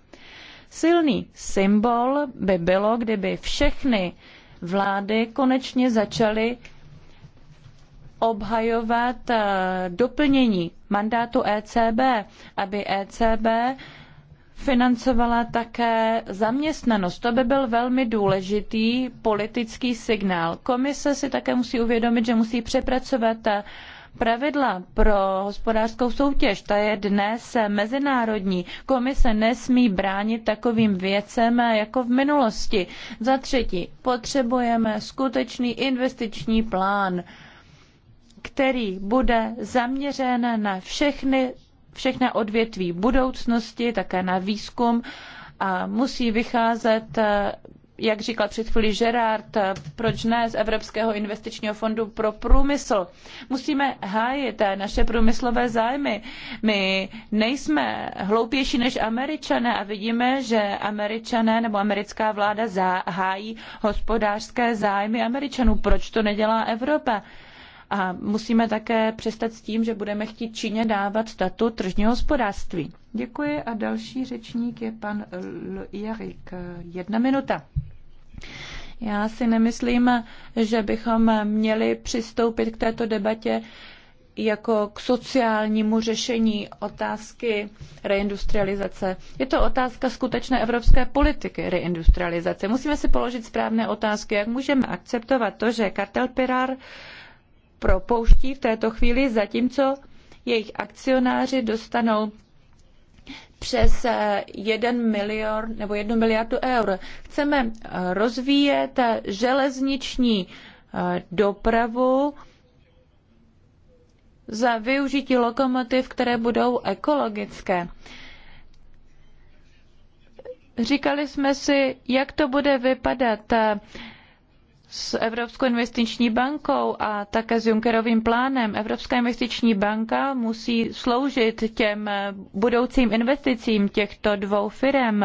Silný symbol by bylo, kdyby všechny vlády konečně začaly obhajovat eh, doplnění mandátu ECB, aby ECB financovala také zaměstnanost. To by byl velmi důležitý politický signál. Komise si také musí uvědomit, že musí přepracovat eh, pravidla pro hospodářskou soutěž. Ta je dnes eh, mezinárodní. Komise nesmí bránit takovým věcem jako v minulosti. Za třetí, potřebujeme skutečný investiční plán který bude zaměřen na všechny, všechna odvětví budoucnosti, také na výzkum a musí vycházet jak říkal před chvíli Gerard, proč ne z Evropského investičního fondu pro průmysl. Musíme hájit naše průmyslové zájmy. My nejsme hloupější než američané a vidíme, že američané nebo americká vláda hájí hospodářské zájmy američanů. Proč to nedělá Evropa? A musíme také přestat s tím, že budeme chtít Číně dávat statut tržního hospodářství. Děkuji a další řečník je pan Jarik. Jedna minuta. Já si nemyslím, že bychom měli přistoupit k této debatě jako k sociálnímu řešení otázky reindustrializace. Je to otázka skutečné evropské politiky reindustrializace. Musíme si položit správné otázky, jak můžeme akceptovat to, že kartel Pirar propouští v této chvíli, zatímco jejich akcionáři dostanou přes 1 eh, milion nebo 1 miliardu eur. Chceme eh, rozvíjet eh, železniční dopravu za využití lokomotiv, které budou ekologické. Říkali jsme si, jak to bude vypadat s Evropskou investiční bankou a také s Junckerovým plánem. Evropská investiční banka musí sloužit těm budoucím investicím těchto dvou firm.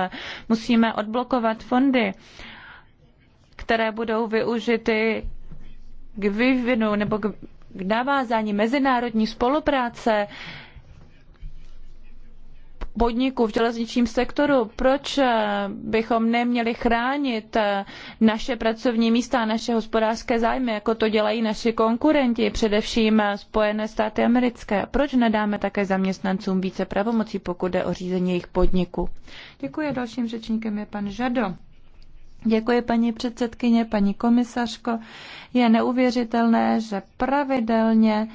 Musíme odblokovat fondy, které budou využity k vývinu nebo k navázání mezinárodní spolupráce podniků v železničním sektoru, proč eh, bychom neměli chránit eh, naše pracovní místa a naše hospodářské zájmy, jako to dělají naši konkurenti, především eh, Spojené státy americké? Proč nedáme také zaměstnancům více pravomocí, pokud jde o řízení jejich podniku? Děkuji. Dalším řečníkem je pan Žado. Děkuji, paní předsedkyně, paní komisařko. Je neuvěřitelné, že pravidelně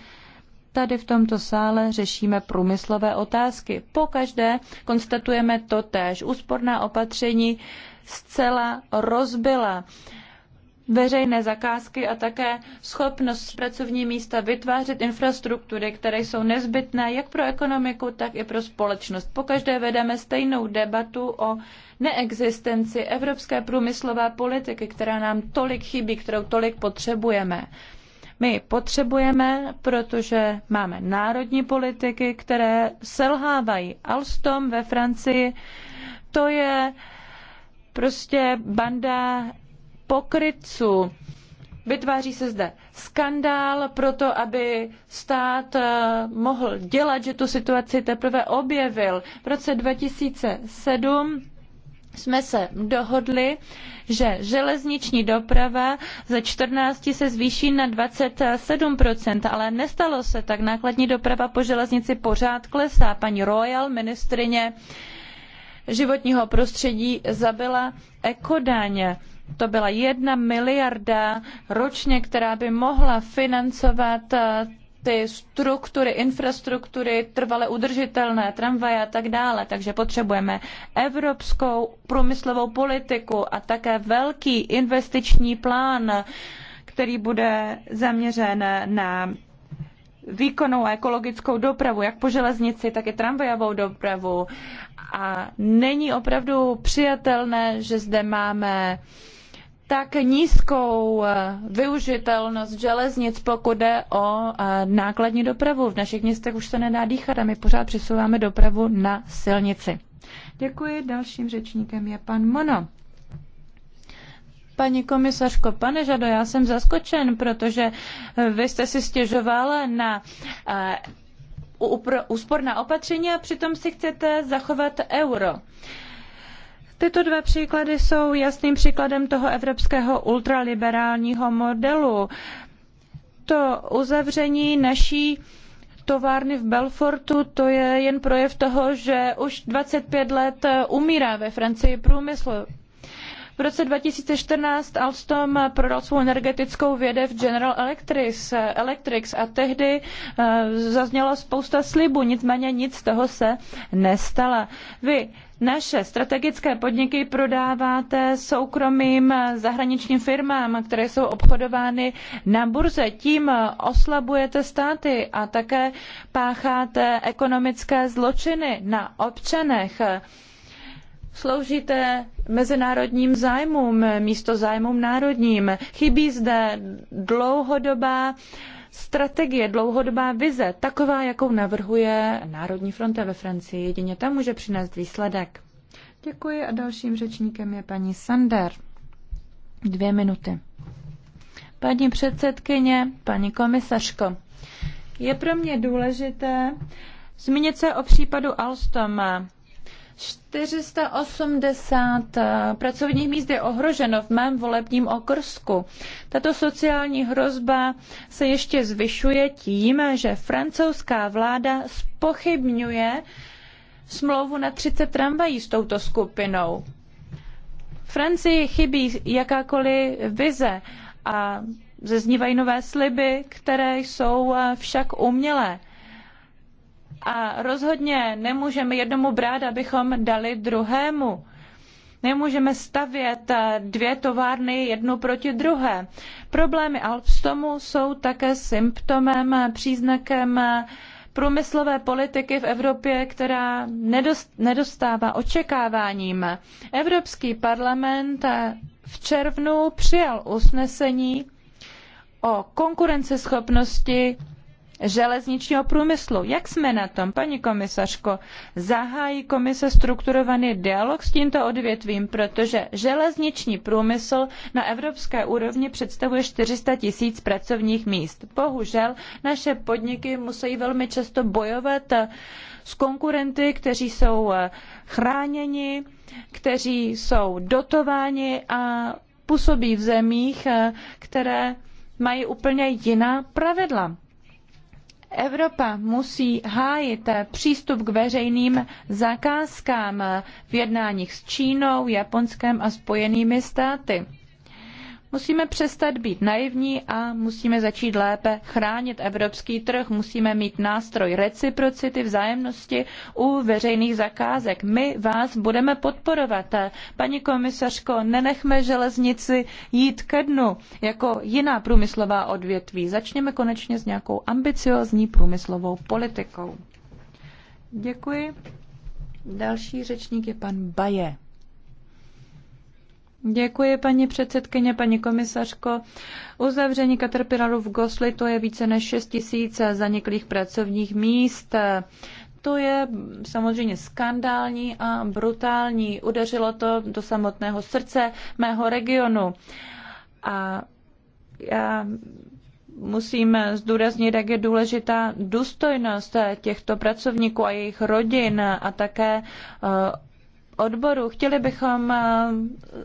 tady v tomto sále řešíme průmyslové otázky. Pokaždé konstatujeme to též. Úsporná opatření zcela rozbila veřejné zakázky a také schopnost pracovní místa vytvářet infrastruktury, které jsou nezbytné jak pro ekonomiku, tak i pro společnost. Pokaždé vedeme stejnou debatu o neexistenci evropské průmyslové politiky, která nám tolik chybí, kterou tolik potřebujeme. My potřebujeme, protože máme národní politiky, které selhávají. Alstom ve Francii, to je prostě banda pokrytců. Vytváří se zde skandál proto, aby stát eh, mohl dělat, že tu situaci teprve objevil. V roce 2007 jsme se dohodli, že železniční doprava ze 14 se zvýší na 27%, ale nestalo se tak. Nákladní doprava po železnici pořád klesá. Paní Royal, ministrině životního prostředí, zabila ekodaň. To byla jedna miliarda ročně, která by mohla financovat ty struktury, infrastruktury trvale udržitelné, tramvaje a tak dále. Takže potřebujeme evropskou průmyslovou politiku a také velký investiční plán, který bude zaměřen na výkonnou a ekologickou dopravu, jak po železnici, tak i tramvajovou dopravu. A není opravdu přijatelné, že zde máme uh, tak nízkou eh, využitelnost železnic, pokud jde o eh, nákladní dopravu. V našich městech už se nedá dýchat a my pořád přesouváme dopravu na silnici. Děkuji. Dalším řečníkem je pan Mono. Pani komisařko, pane Žado, já jsem zaskočen, protože eh, vy jste si stěžoval na úsporná opatření a přitom si chcete zachovat euro. Tyto dva příklady jsou jasným příkladem toho evropského ultraliberálního modelu. To uzavření naší továrny v Belfortu, to je jen projev toho, že už 25 let umírá ve Francii průmysl. V roce 2014 Alstom prodal svou energetickou vědev General Electric, Electrics a tehdy eh, zazněla spousta slibů, nicméně nic z toho se nestala. Vy naše strategické podniky prodáváte soukromým zahraničním firmám, které jsou obchodovány na burze. Tím oslabujete státy a také pácháte ekonomické zločiny na občanech. Sloužíte mezinárodním zájmům místo zájmům národním. Chybí zde dlouhodobá strategie, dlouhodobá vize, taková, jakou navrhuje Národní fronta ve Francii. Jedině tam, může přinést výsledek. Děkuji a dalším řečníkem je paní Sander. Dvě minuty. Paní předsedkyně, paní komisařko, je pro mě důležité zmínit se o případu Alstoma 480 eh, pracovních míst je ohroženo v mém volebním okrsku. Tato sociální hrozba se ještě zvyšuje tím, že francouzská vláda spochybňuje smlouvu na 30 tramvají s touto skupinou. Francii chybí jakákoliv vize a zeznívají nové sliby, které jsou eh, však umělé. A rozhodně nemůžeme jednomu brát, abychom dali druhému. Nemůžeme stavět eh, dvě továrny jednu proti druhé. Problémy Alpstomu jsou také symptomem, eh, příznakem eh, průmyslové politiky v Evropě, která nedostává očekáváním. Evropský parlament v červnu přijal usnesení o konkurenceschopnosti železničního průmyslu. Jak jsme na tom, paní komisařko? Zahájí komise strukturovaný dialog s tímto odvětvím, protože železniční průmysl na evropské úrovni představuje 400 tisíc pracovních míst. Bohužel naše podniky musí velmi často bojovat eh, s konkurenty, kteří jsou eh, chráněni, kteří jsou dotováni a působí v zemích, eh, které mají úplně jiná pravidla. Evropa musí hájit přístup k veřejným zakázkám v jednáních s Čínou, Japonskem a Spojenými státy. Musíme přestat být naivní a musíme začít lépe chránit evropský trh. Musíme mít nástroj reciprocity, vzájemnosti u veřejných zakázek. My vás budeme podporovat. Paní komisařko, nenechme železnici jít ke dnu jako jiná průmyslová odvětví. Začněme konečně s nějakou ambiciozní průmyslovou politikou. Děkuji. Další řečník je pan Baje. Děkuji, paní předsedkyně, paní komisařko. Uzavření Caterpillaru v Gosli to je více než 6 tisíc zaniklých pracovních míst. To je samozřejmě skandální a brutální. Udeřilo to do samotného srdce mého regionu. A já musím zdůraznit, jak je důležitá důstojnost těchto pracovníků a jejich rodin a také eh, Odboru, Chtěli bychom eh,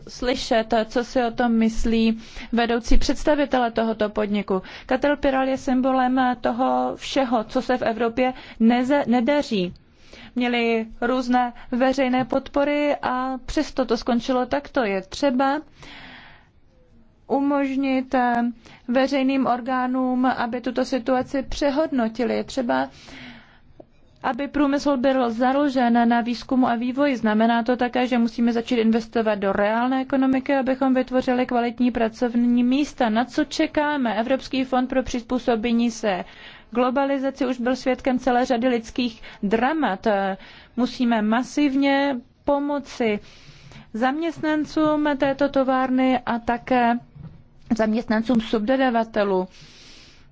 slyšet, co si o tom myslí vedoucí představitele tohoto podniku. Caterpillar je symbolem toho všeho, co se v Evropě neze, nedaří. Měli různé veřejné podpory a přesto to skončilo takto. Je třeba umožnit eh, veřejným orgánům, aby tuto situaci přehodnotili. Je třeba aby průmysl byl založen na výzkumu a vývoji, znamená to také, že musíme začít investovat do reálné ekonomiky, abychom vytvořili kvalitní pracovní místa. Na co čekáme? Evropský fond pro přizpůsobení se globalizaci už byl svědkem celé řady lidských dramat. Musíme masivně pomoci zaměstnancům této továrny a také zaměstnancům subdodavatelů.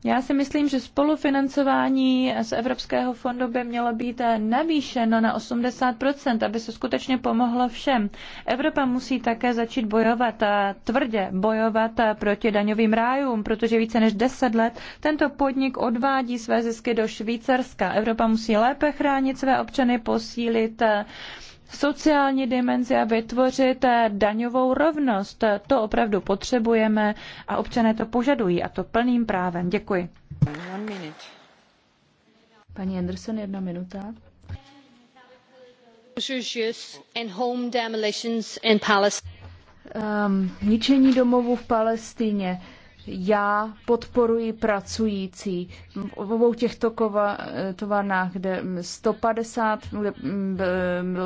Já si myslím, že spolufinancování z Evropského fondu by mělo být navýšeno na 80%, aby se skutečně pomohlo všem. Evropa musí také začít bojovat a tvrdě bojovat proti daňovým rájům, protože více než 10 let tento podnik odvádí své zisky do Švýcarska. Evropa musí lépe chránit své občany, posílit sociální dimenzi a vytvořit eh, daňovou rovnost. To opravdu potřebujeme a občané to požadují a to plným právem. Děkuji. Paní Anderson, jedna minuta. Um, ničení domovů v Palestíně já podporuji pracující v obou těchto kova, továrnách, kde 150, kde mm, bylo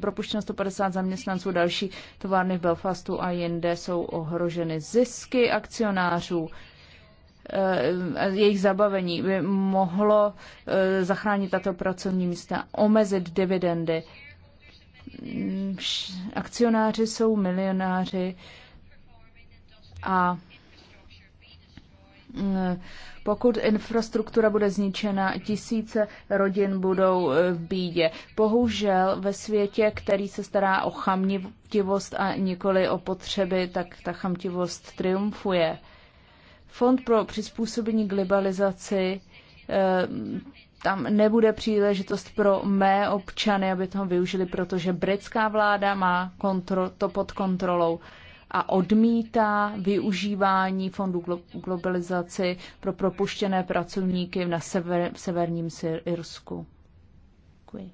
propuštěno 150 zaměstnanců, další továrny v Belfastu a jinde jsou ohroženy zisky akcionářů. E, e, jejich zabavení by mohlo e, zachránit tato pracovní místa, omezit dividendy. Akcionáři jsou milionáři a pokud infrastruktura bude zničena, tisíce rodin budou eh, v bídě. Bohužel ve světě, který se stará o chamtivost a nikoli o potřeby, tak ta chamtivost triumfuje. Fond pro přizpůsobení globalizaci eh, tam nebude příležitost pro mé občany, aby toho využili, protože britská vláda má kontro, to pod kontrolou a odmítá využívání fondu globalizaci pro propuštěné pracovníky na sever, v severním Irsku. Děkuji.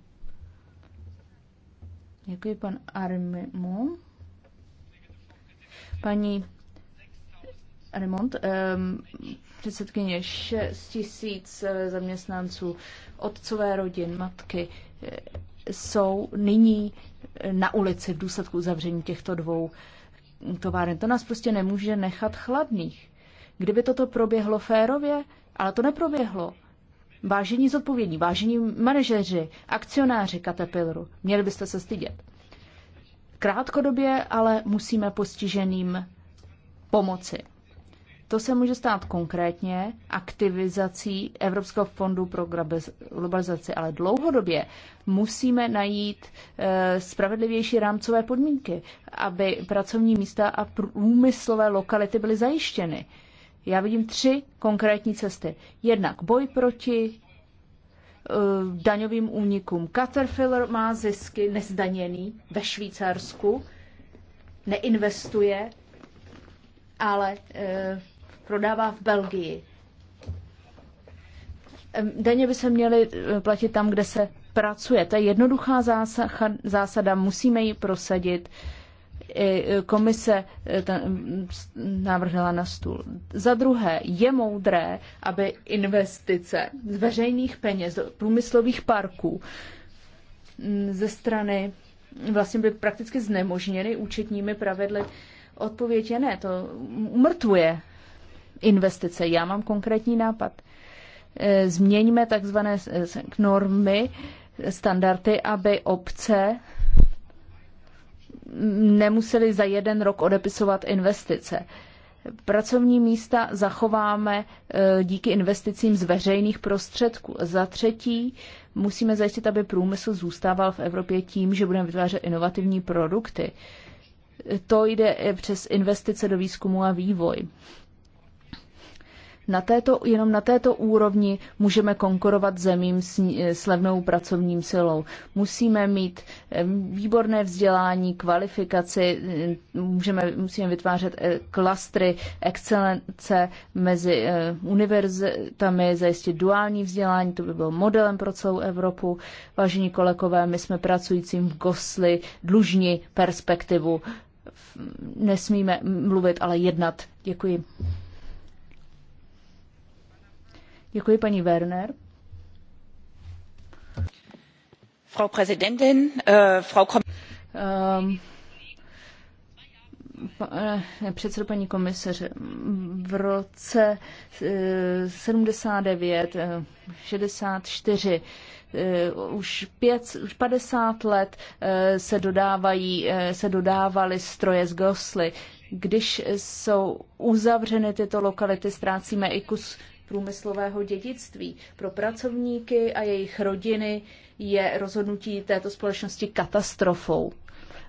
Děkuji pan Armimu. Paní Remont, ehm, předsedkyně 6 tisíc eh, zaměstnanců, otcové rodin, matky eh, jsou nyní eh, na ulici v důsledku uzavření těchto dvou továren. To nás prostě nemůže nechat chladných. Kdyby toto proběhlo férově, ale to neproběhlo. Vážení zodpovědní, vážení manažeři, akcionáři Caterpillaru, měli byste se stydět. Krátkodobě ale musíme postiženým pomoci. To se může stát konkrétně aktivizací Evropského fondu pro globalizaci, ale dlouhodobě musíme najít eh, spravedlivější rámcové podmínky, aby pracovní místa a průmyslové lokality byly zajištěny. Já vidím tři konkrétní cesty. Jednak boj proti eh, daňovým únikům. Caterpillar má zisky nezdaněný ve Švýcarsku, neinvestuje, ale eh, prodává v Belgii. Daně by se měly e, platit tam, kde se pracuje. To je jednoduchá zásada, musíme ji prosadit. E, komise e, návrhla na stůl. Za druhé, je moudré, aby investice z veřejných peněz do průmyslových parků ze strany vlastně by prakticky znemožněny účetními pravidly. Odpověď je ne, to umrtvuje investice. Já mám konkrétní nápad. Eh, změňme takzvané eh, normy, eh, standardy, aby obce nemuseli za jeden rok odepisovat investice. Pracovní místa zachováme díky investicím z veřejných prostředků. Za třetí, musíme zajistit, aby průmysl zůstával v Evropě tím, že budeme vytvářet inovativní produkty. To jde přes investice do výzkumu a vývoj. Na této, jenom na této úrovni můžeme konkurovat zemím s, eh, s levnou pracovním silou. Musíme mít eh, výborné vzdělání, kvalifikaci, eh, můžeme, musíme vytvářet klastry excelence mezi univerzitami, zajistit duální vzdělání, to by bylo modelem pro celou Evropu. Vážení kolegové, my jsme pracujícím v Gosli dlužní perspektivu. Nesmíme mluvit, ale jednat. Děkuji. Děkuji, paní Werner. Frau Präsidentin, äh, Frau Kom ehm, eh, předsedo paní komisaře, v roce 79, eh, 64, eh, už, pět, už 50 let se, dodávají, se dodávaly stroje z Gosly. Když jsou uzavřeny tyto lokality, ztrácíme i kus průmyslového dědictví. Pro pracovníky a jejich rodiny je rozhodnutí této společnosti katastrofou.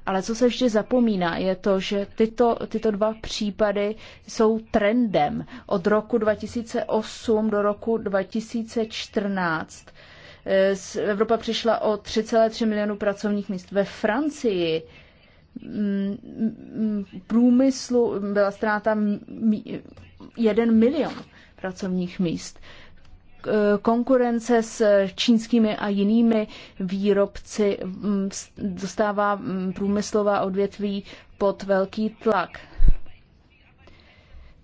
Ale co se vždy zapomíná, je to, že tyto, tyto dva případy jsou trendem od roku 2008 do roku 2014. Eh, Evropa přišla o 3,3 milionu pracovních míst. Ve Francii mm, mm, průmyslu byla ztráta 1 milion pracovních míst. Eh, konkurence s čínskými a jinými výrobci mm, dostává mm, průmyslová odvětví pod velký tlak.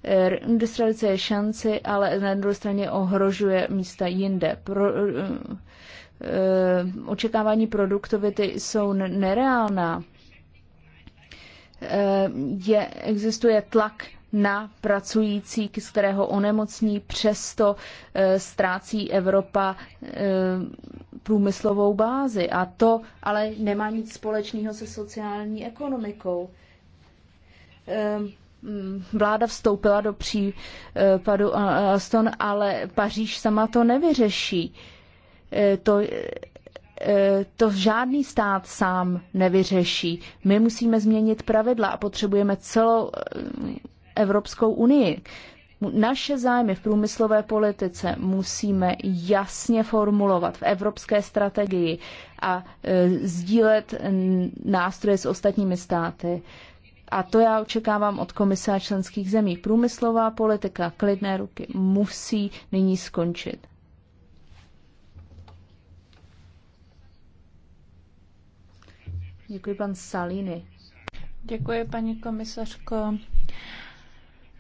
Eh, industrializace je šanci, ale na druhé straně ohrožuje místa jinde. Pro, eh, očekávání produktivity jsou nereálná. Je, existuje tlak na pracující, z kterého onemocní, přesto e, ztrácí Evropa e, průmyslovou bázi. A to ale nemá nic společného se sociální ekonomikou. E, vláda vstoupila do případu Aston, ale Paříž sama to nevyřeší. To, to žádný stát sám nevyřeší. My musíme změnit pravidla a potřebujeme celou Evropskou unii. Naše zájmy v průmyslové politice musíme jasně formulovat v evropské strategii a e, sdílet nástroje s ostatními státy. A to já očekávám od komise a členských zemí. Průmyslová politika klidné ruky musí nyní skončit. Děkuji pan Salini. Děkuji paní komisařko.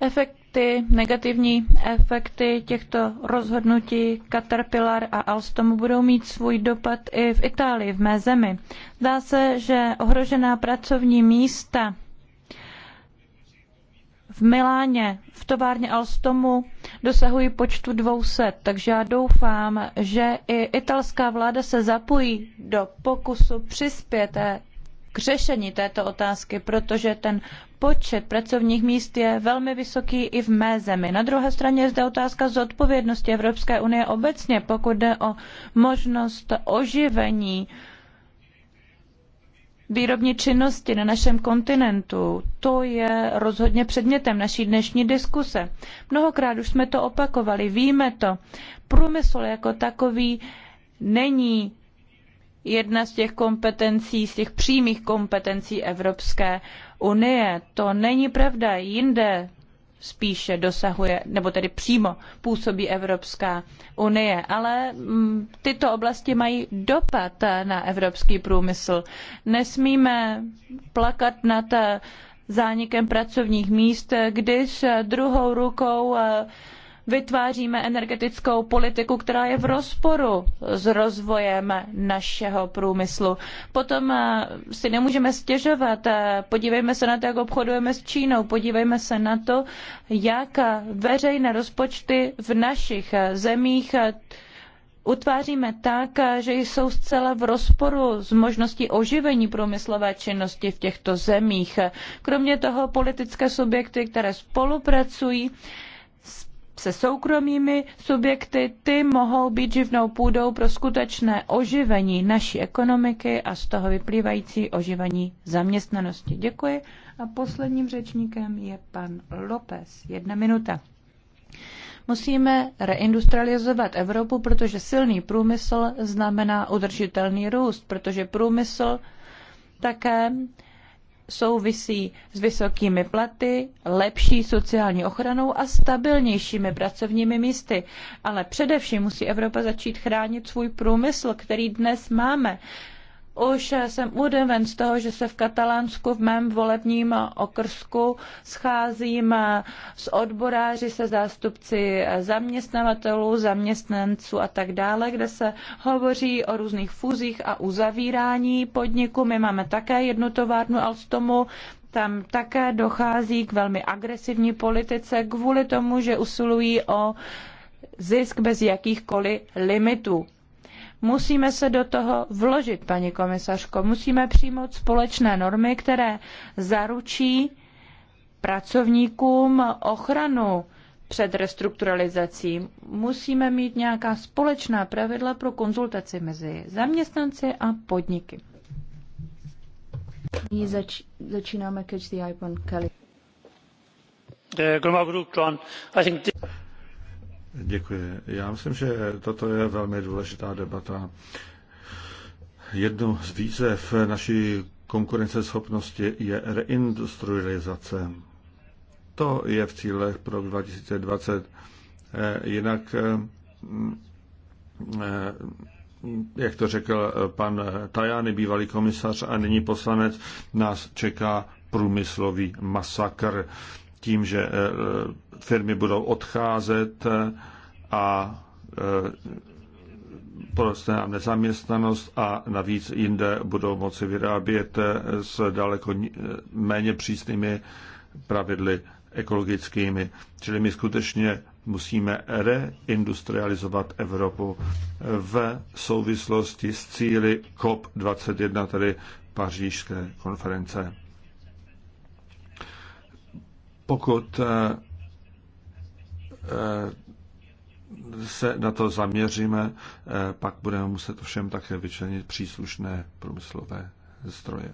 Efekty, negativní efekty těchto rozhodnutí Caterpillar a Alstomu budou mít svůj dopad i v Itálii, v mé zemi. Zdá se, že ohrožená pracovní místa v Miláně v továrně Alstomu dosahují počtu 200, takže já doufám, že i italská vláda se zapojí do pokusu přispět k řešení této otázky, protože ten počet pracovních míst je velmi vysoký i v mé zemi. Na druhé straně je zde otázka zodpovědnosti Evropské unie obecně, pokud jde o možnost oživení výrobní činnosti na našem kontinentu. To je rozhodně předmětem naší dnešní diskuse. Mnohokrát už jsme to opakovali, víme to. Průmysl jako takový není jedna z těch kompetencí, z těch přímých kompetencí Evropské unie. To není pravda. Jinde spíše dosahuje, nebo tedy přímo působí Evropská unie. Ale mm, tyto oblasti mají dopad na evropský průmysl. Nesmíme plakat nad eh, zánikem pracovních míst, eh, když eh, druhou rukou vytváříme energetickou politiku, která je v rozporu s rozvojem našeho průmyslu. Potom eh, si nemůžeme stěžovat. Eh, podívejme se na to, jak obchodujeme s Čínou. Podívejme se na to, jak veřejné rozpočty v našich eh, zemích utváříme tak, že jsou zcela v rozporu s možností oživení průmyslové činnosti v těchto zemích. Kromě toho politické subjekty, které spolupracují, se soukromými subjekty, ty mohou být živnou půdou pro skutečné oživení naší ekonomiky a z toho vyplývající oživení zaměstnanosti. Děkuji. A posledním řečníkem je pan López. Jedna minuta. Musíme reindustrializovat Evropu, protože silný průmysl znamená udržitelný růst, protože průmysl také souvisí s vysokými platy, lepší sociální ochranou a stabilnějšími pracovními místy. Ale především musí Evropa začít chránit svůj průmysl, který dnes máme. Už jsem udeven z toho, že se v Katalánsku, v mém volebním okrsku, scházím s odboráři, se zástupci zaměstnavatelů, zaměstnanců a tak dále, kde se hovoří o různých fuzích a uzavírání podniku. My máme také jednu továrnu Alstomu, tam také dochází k velmi agresivní politice kvůli tomu, že usilují o zisk bez jakýchkoliv limitů. Musíme se do toho vložit, paní komisařko. Musíme přijmout společné normy, které zaručí pracovníkům ochranu před restrukturalizací. Musíme mít nějaká společná pravidla pro konzultaci mezi zaměstnanci a podniky. Nyní zač- začínáme Catch the Eye, pan Kelly. Eh, Děkuji. Já myslím, že toto je velmi důležitá debata. Jednou z výzev naší konkurenceschopnosti je reindustrializace. To je v cílech pro 2020. Jinak, eh, jak to řekl pan Tajany, bývalý komisař a nyní poslanec, nás čeká průmyslový masakr tím, že eh, firmy budou odcházet eh, a prostě nám nezaměstnanost a navíc jinde budou moci vyrábět s daleko méně přísnými pravidly ekologickými. Čili my skutečně musíme reindustrializovat Evropu v souvislosti s cíly COP21, tedy pařížské konference pokud eh, eh, se na to zaměříme, eh, pak budeme muset všem také vyčlenit příslušné průmyslové zdroje.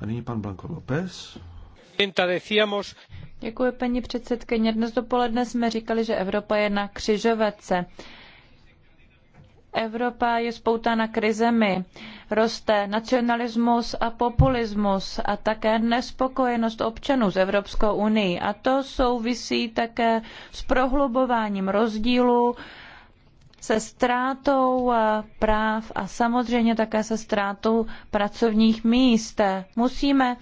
A nyní pan Blanco López. Děkuji, paní předsedkyně. Dnes dopoledne jsme říkali, že Evropa je na křižovatce. Evropa je spoutána krizemi. Roste nacionalismus a populismus a také nespokojenost občanů s Evropskou unii. A to souvisí také s prohlubováním rozdílu, se ztrátou eh, práv a samozřejmě také se ztrátou pracovních míst. Musíme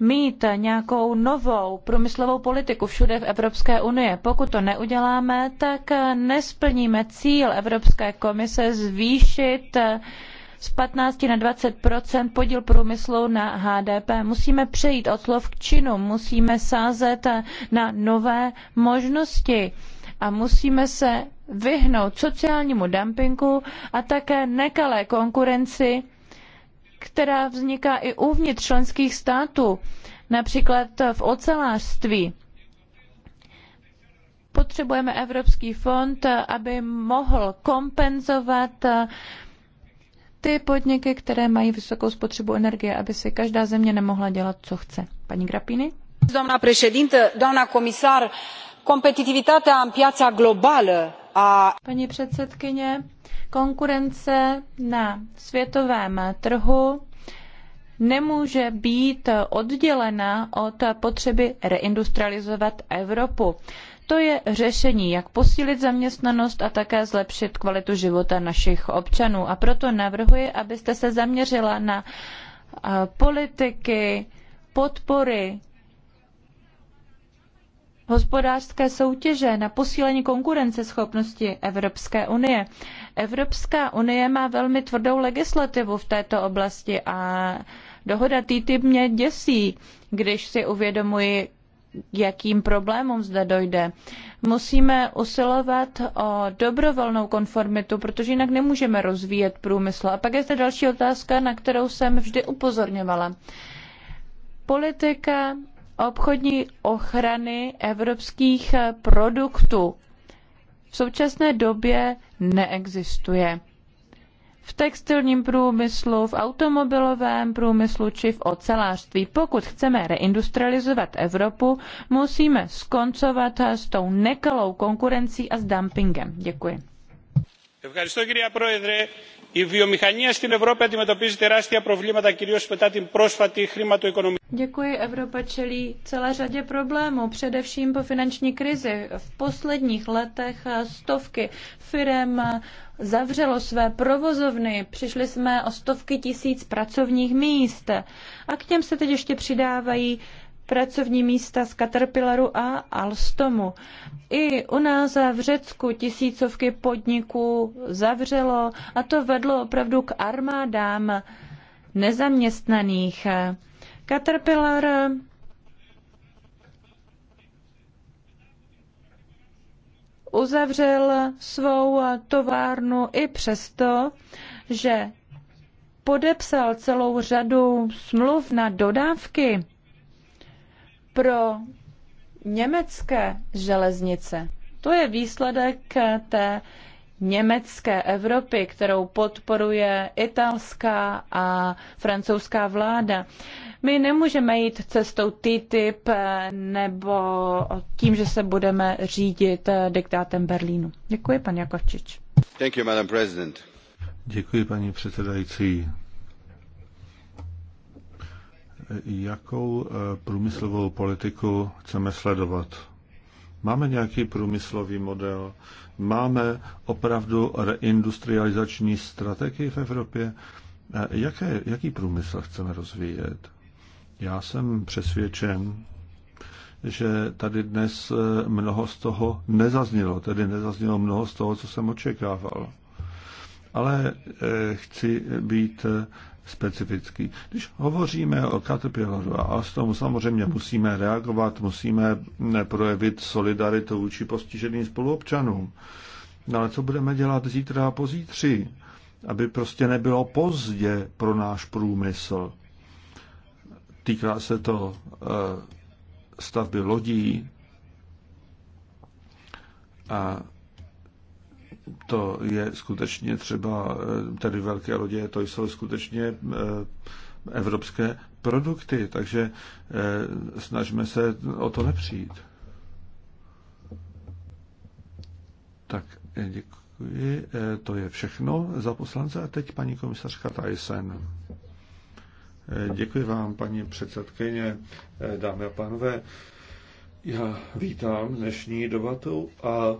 mít nějakou novou průmyslovou politiku všude v Evropské unii. Pokud to neuděláme, tak nesplníme cíl Evropské komise zvýšit z 15 na 20 podíl průmyslu na HDP. Musíme přejít od slov k činu, musíme sázet na nové možnosti a musíme se vyhnout sociálnímu dumpingu a také nekalé konkurenci která vzniká i uvnitř členských států, například v ocelářství. Potřebujeme Evropský fond, aby mohl kompenzovat ty podniky, které mají vysokou spotřebu energie, aby si každá země nemohla dělat, co chce. Paní Grapini? Doamna președintă, doamna comisar, competitivitatea în piața globală a... Paní předsedkyně, konkurence na světovém trhu nemůže být oddělena od potřeby reindustrializovat Evropu. To je řešení, jak posílit zaměstnanost a také zlepšit kvalitu života našich občanů. A proto navrhuji, abyste se zaměřila na eh, politiky podpory hospodářské soutěže, na posílení konkurenceschopnosti Evropské unie. Evropská unie má velmi tvrdou legislativu v této oblasti a dohoda TTIP mě děsí, když si uvědomuji, k jakým problémům zde dojde. Musíme usilovat o dobrovolnou konformitu, protože jinak nemůžeme rozvíjet průmysl. A pak je zde další otázka, na kterou jsem vždy upozorňovala. Politika obchodní ochrany evropských eh, produktů. V současné době neexistuje. V textilním průmyslu, v automobilovém průmyslu či v ocelářství. Pokud chceme reindustrializovat Evropu, musíme skoncovat eh, s tou nekalou konkurencí a s dumpingem. Děkuji. Η βιομηχανία στην Ευρώπη αντιμετωπίζει τεράστια προβλήματα, κυρίως μετά την πρόσφατη χρηματοοικονομική. Děkuji, Evropa čelí celé řadě problémů, především po finanční krizi. V posledních letech stovky firm zavřelo své provozovny, přišli jsme o stovky tisíc pracovních míst. A k těm se teď ještě přidávají pracovní místa z Caterpillaru a Alstomu. I u nás v Řecku tisícovky podniků zavřelo a to vedlo opravdu k armádám nezaměstnaných. Caterpillar uzavřel svou továrnu i přesto, že podepsal celou řadu smluv na dodávky pro německé železnice. To je výsledek té německé Evropy, kterou podporuje italská a francouzská vláda. My nemůžeme jít cestou TTIP nebo tím, že se budeme řídit diktátem Berlínu. Děkuji, pan Jakovčič. Děkuji, paní předsedající jakou eh, průmyslovou politiku chceme sledovat. Máme nějaký průmyslový model? Máme opravdu reindustrializační strategii v Evropě? Eh, jaké, jaký průmysl chceme rozvíjet? Já jsem přesvědčen, že tady dnes eh, mnoho z toho nezaznělo, tedy nezaznělo mnoho z toho, co jsem očekával ale eh, chci být eh, specifický. Když hovoříme o Caterpillaru a tomu samozřejmě musíme reagovat, musíme projevit solidaritu vůči postiženým spoluobčanům. No ale co budeme dělat zítra a pozítří, aby prostě nebylo pozdě pro náš průmysl? Týká se to eh, stavby lodí a to je skutečně třeba, eh, tedy velké lodě, to jsou skutečně eh, evropské produkty, takže eh, snažme se o to nepřijít. Tak děkuji, to je všechno za poslance a teď paní komisařka Tyson. Děkuji vám, paní předsedkyně, dámy a pánové. Já vítám dnešní debatu a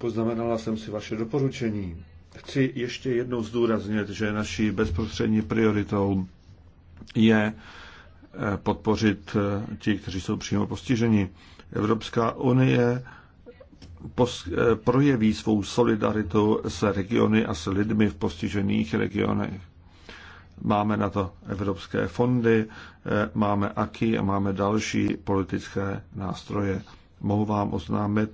Poznamenala jsem si vaše doporučení. Chci ještě jednou zdůraznit, že naší bezprostřední prioritou je eh, podpořit eh, ti, kteří jsou přímo postiženi. Evropská unie eh, projeví svou solidaritu s regiony a s lidmi v postižených regionech. Máme na to evropské fondy, máme AKI a máme další politické nástroje. Mohu vám oznámit,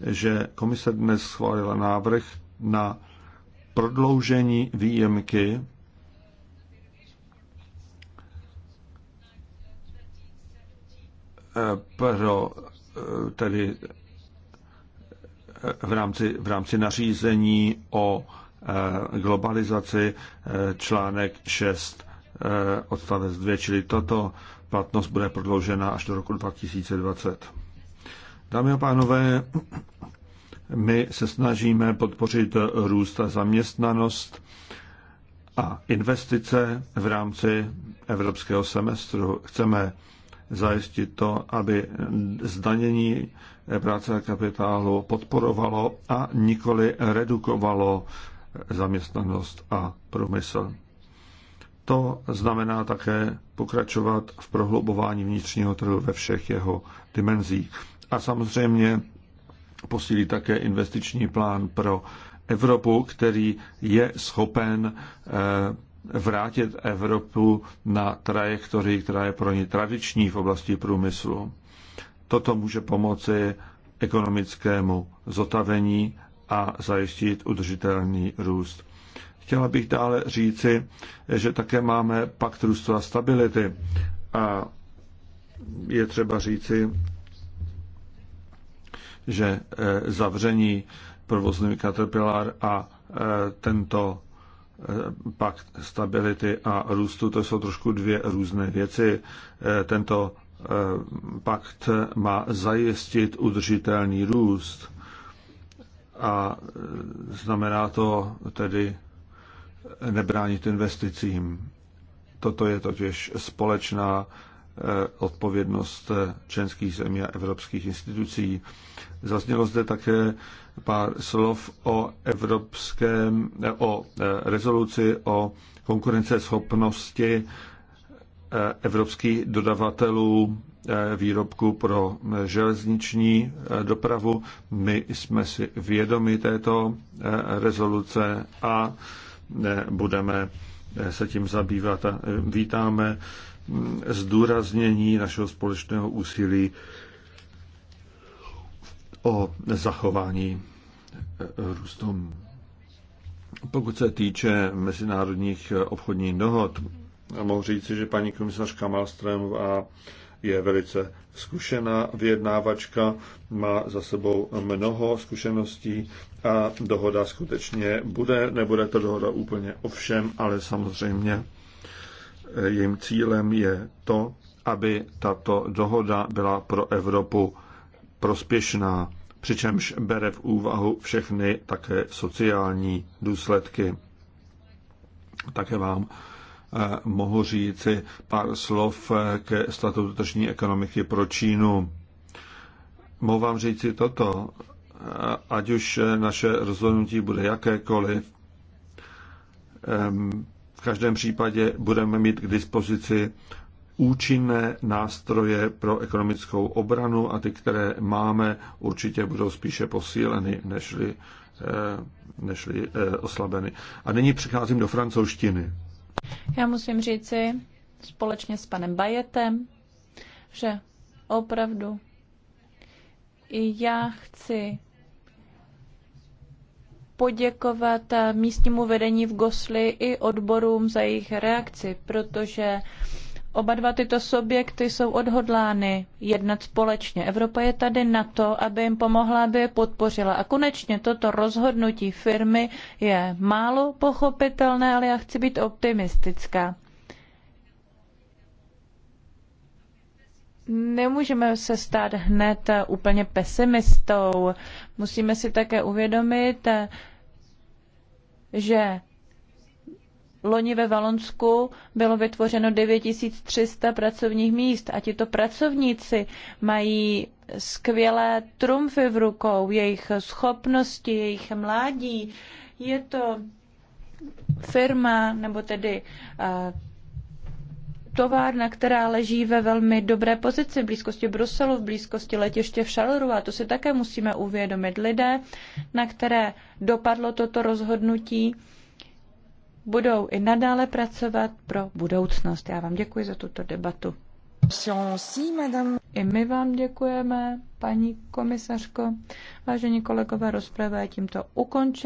že komise dnes schválila návrh na prodloužení výjimky pro tedy v rámci, v rámci nařízení o eh, globalizaci eh, článek 6 eh, odstavec 2, čili toto platnost bude prodloužena až do roku 2020. Dámy a pánové, my se snažíme podpořit růst a zaměstnanost a investice v rámci evropského semestru. Chceme zajistit to, aby zdanění práce a kapitálu podporovalo a nikoli redukovalo zaměstnanost a průmysl. To znamená také pokračovat v prohlubování vnitřního trhu ve všech jeho dimenzích a samozřejmě posílí také investiční plán pro Evropu, který je schopen eh, vrátit Evropu na trajektorii, která je pro ní tradiční v oblasti průmyslu. Toto může pomoci ekonomickému zotavení a zajistit udržitelný růst. Chtěla bych dále říci, že také máme pakt růstu a stability. A je třeba říci, že eh, zavření provozní Caterpillar a eh, tento eh, pakt stability a růstu, to jsou trošku dvě různé věci. Tento pakt má zajistit udržitelný růst a znamená to tedy nebránit investicím. Toto je totiž společná Eh, odpovědnost eh, členských zemí a evropských institucí. Zaznělo zde také pár slov o evropském, eh, o rezoluci o konkurenceschopnosti evropských dodavatelů výrobku pro železniční dopravu. My jsme si vědomi této rezoluce a budeme se tím zabývat. Vítáme zdůraznění našeho společného úsilí o zachování eh, růstom. Pokud se týče mezinárodních eh, obchodních dohod, mohu říci, že paní komisařka a je velice zkušená vyjednávačka, má za sebou mnoho zkušeností a dohoda skutečně bude, nebude to dohoda úplně o všem, ale samozřejmě Jejím cílem je to, aby tato dohoda byla pro Evropu prospěšná, přičemž bere v úvahu všechny také sociální důsledky. Také vám eh, mohu říci pár slov eh, ke statutu tržní ekonomiky pro Čínu. Mohu vám říci toto, eh, ať už naše rozhodnutí bude jakékoliv, v každém případě budeme mít k dispozici účinné nástroje pro ekonomickou obranu a ty, které máme, určitě budou spíše posíleny, nežli, eh, nežli eh, oslabeny. A nyní přicházím do francouzštiny. Já musím říci společně s panem Bajetem, že opravdu i já chci poděkovat místnímu vedení v Gosli i odborům za jejich reakci, protože oba dva tyto subjekty jsou odhodlány jednat společně. Evropa je tady na to, aby jim pomohla, aby je podpořila. A konečně toto rozhodnutí firmy je málo pochopitelné, ale já chci být optimistická. nemůžeme se stát hned úplně pesimistou. Musíme si také uvědomit, že loni ve Valonsku bylo vytvořeno 9300 pracovních míst a tito pracovníci mají skvělé trumfy v rukou, jejich schopnosti, jejich mládí. Je to firma, nebo tedy eh, továrna, která leží ve velmi dobré pozici v blízkosti Bruselu, v blízkosti letiště v Charleroux. A to si také musíme uvědomit. Lidé, na které dopadlo toto rozhodnutí, budou i nadále pracovat pro budoucnost. Já vám děkuji za tuto debatu. I my vám děkujeme, paní komisařko. Vážení kolegové, rozprava je tímto ukončena.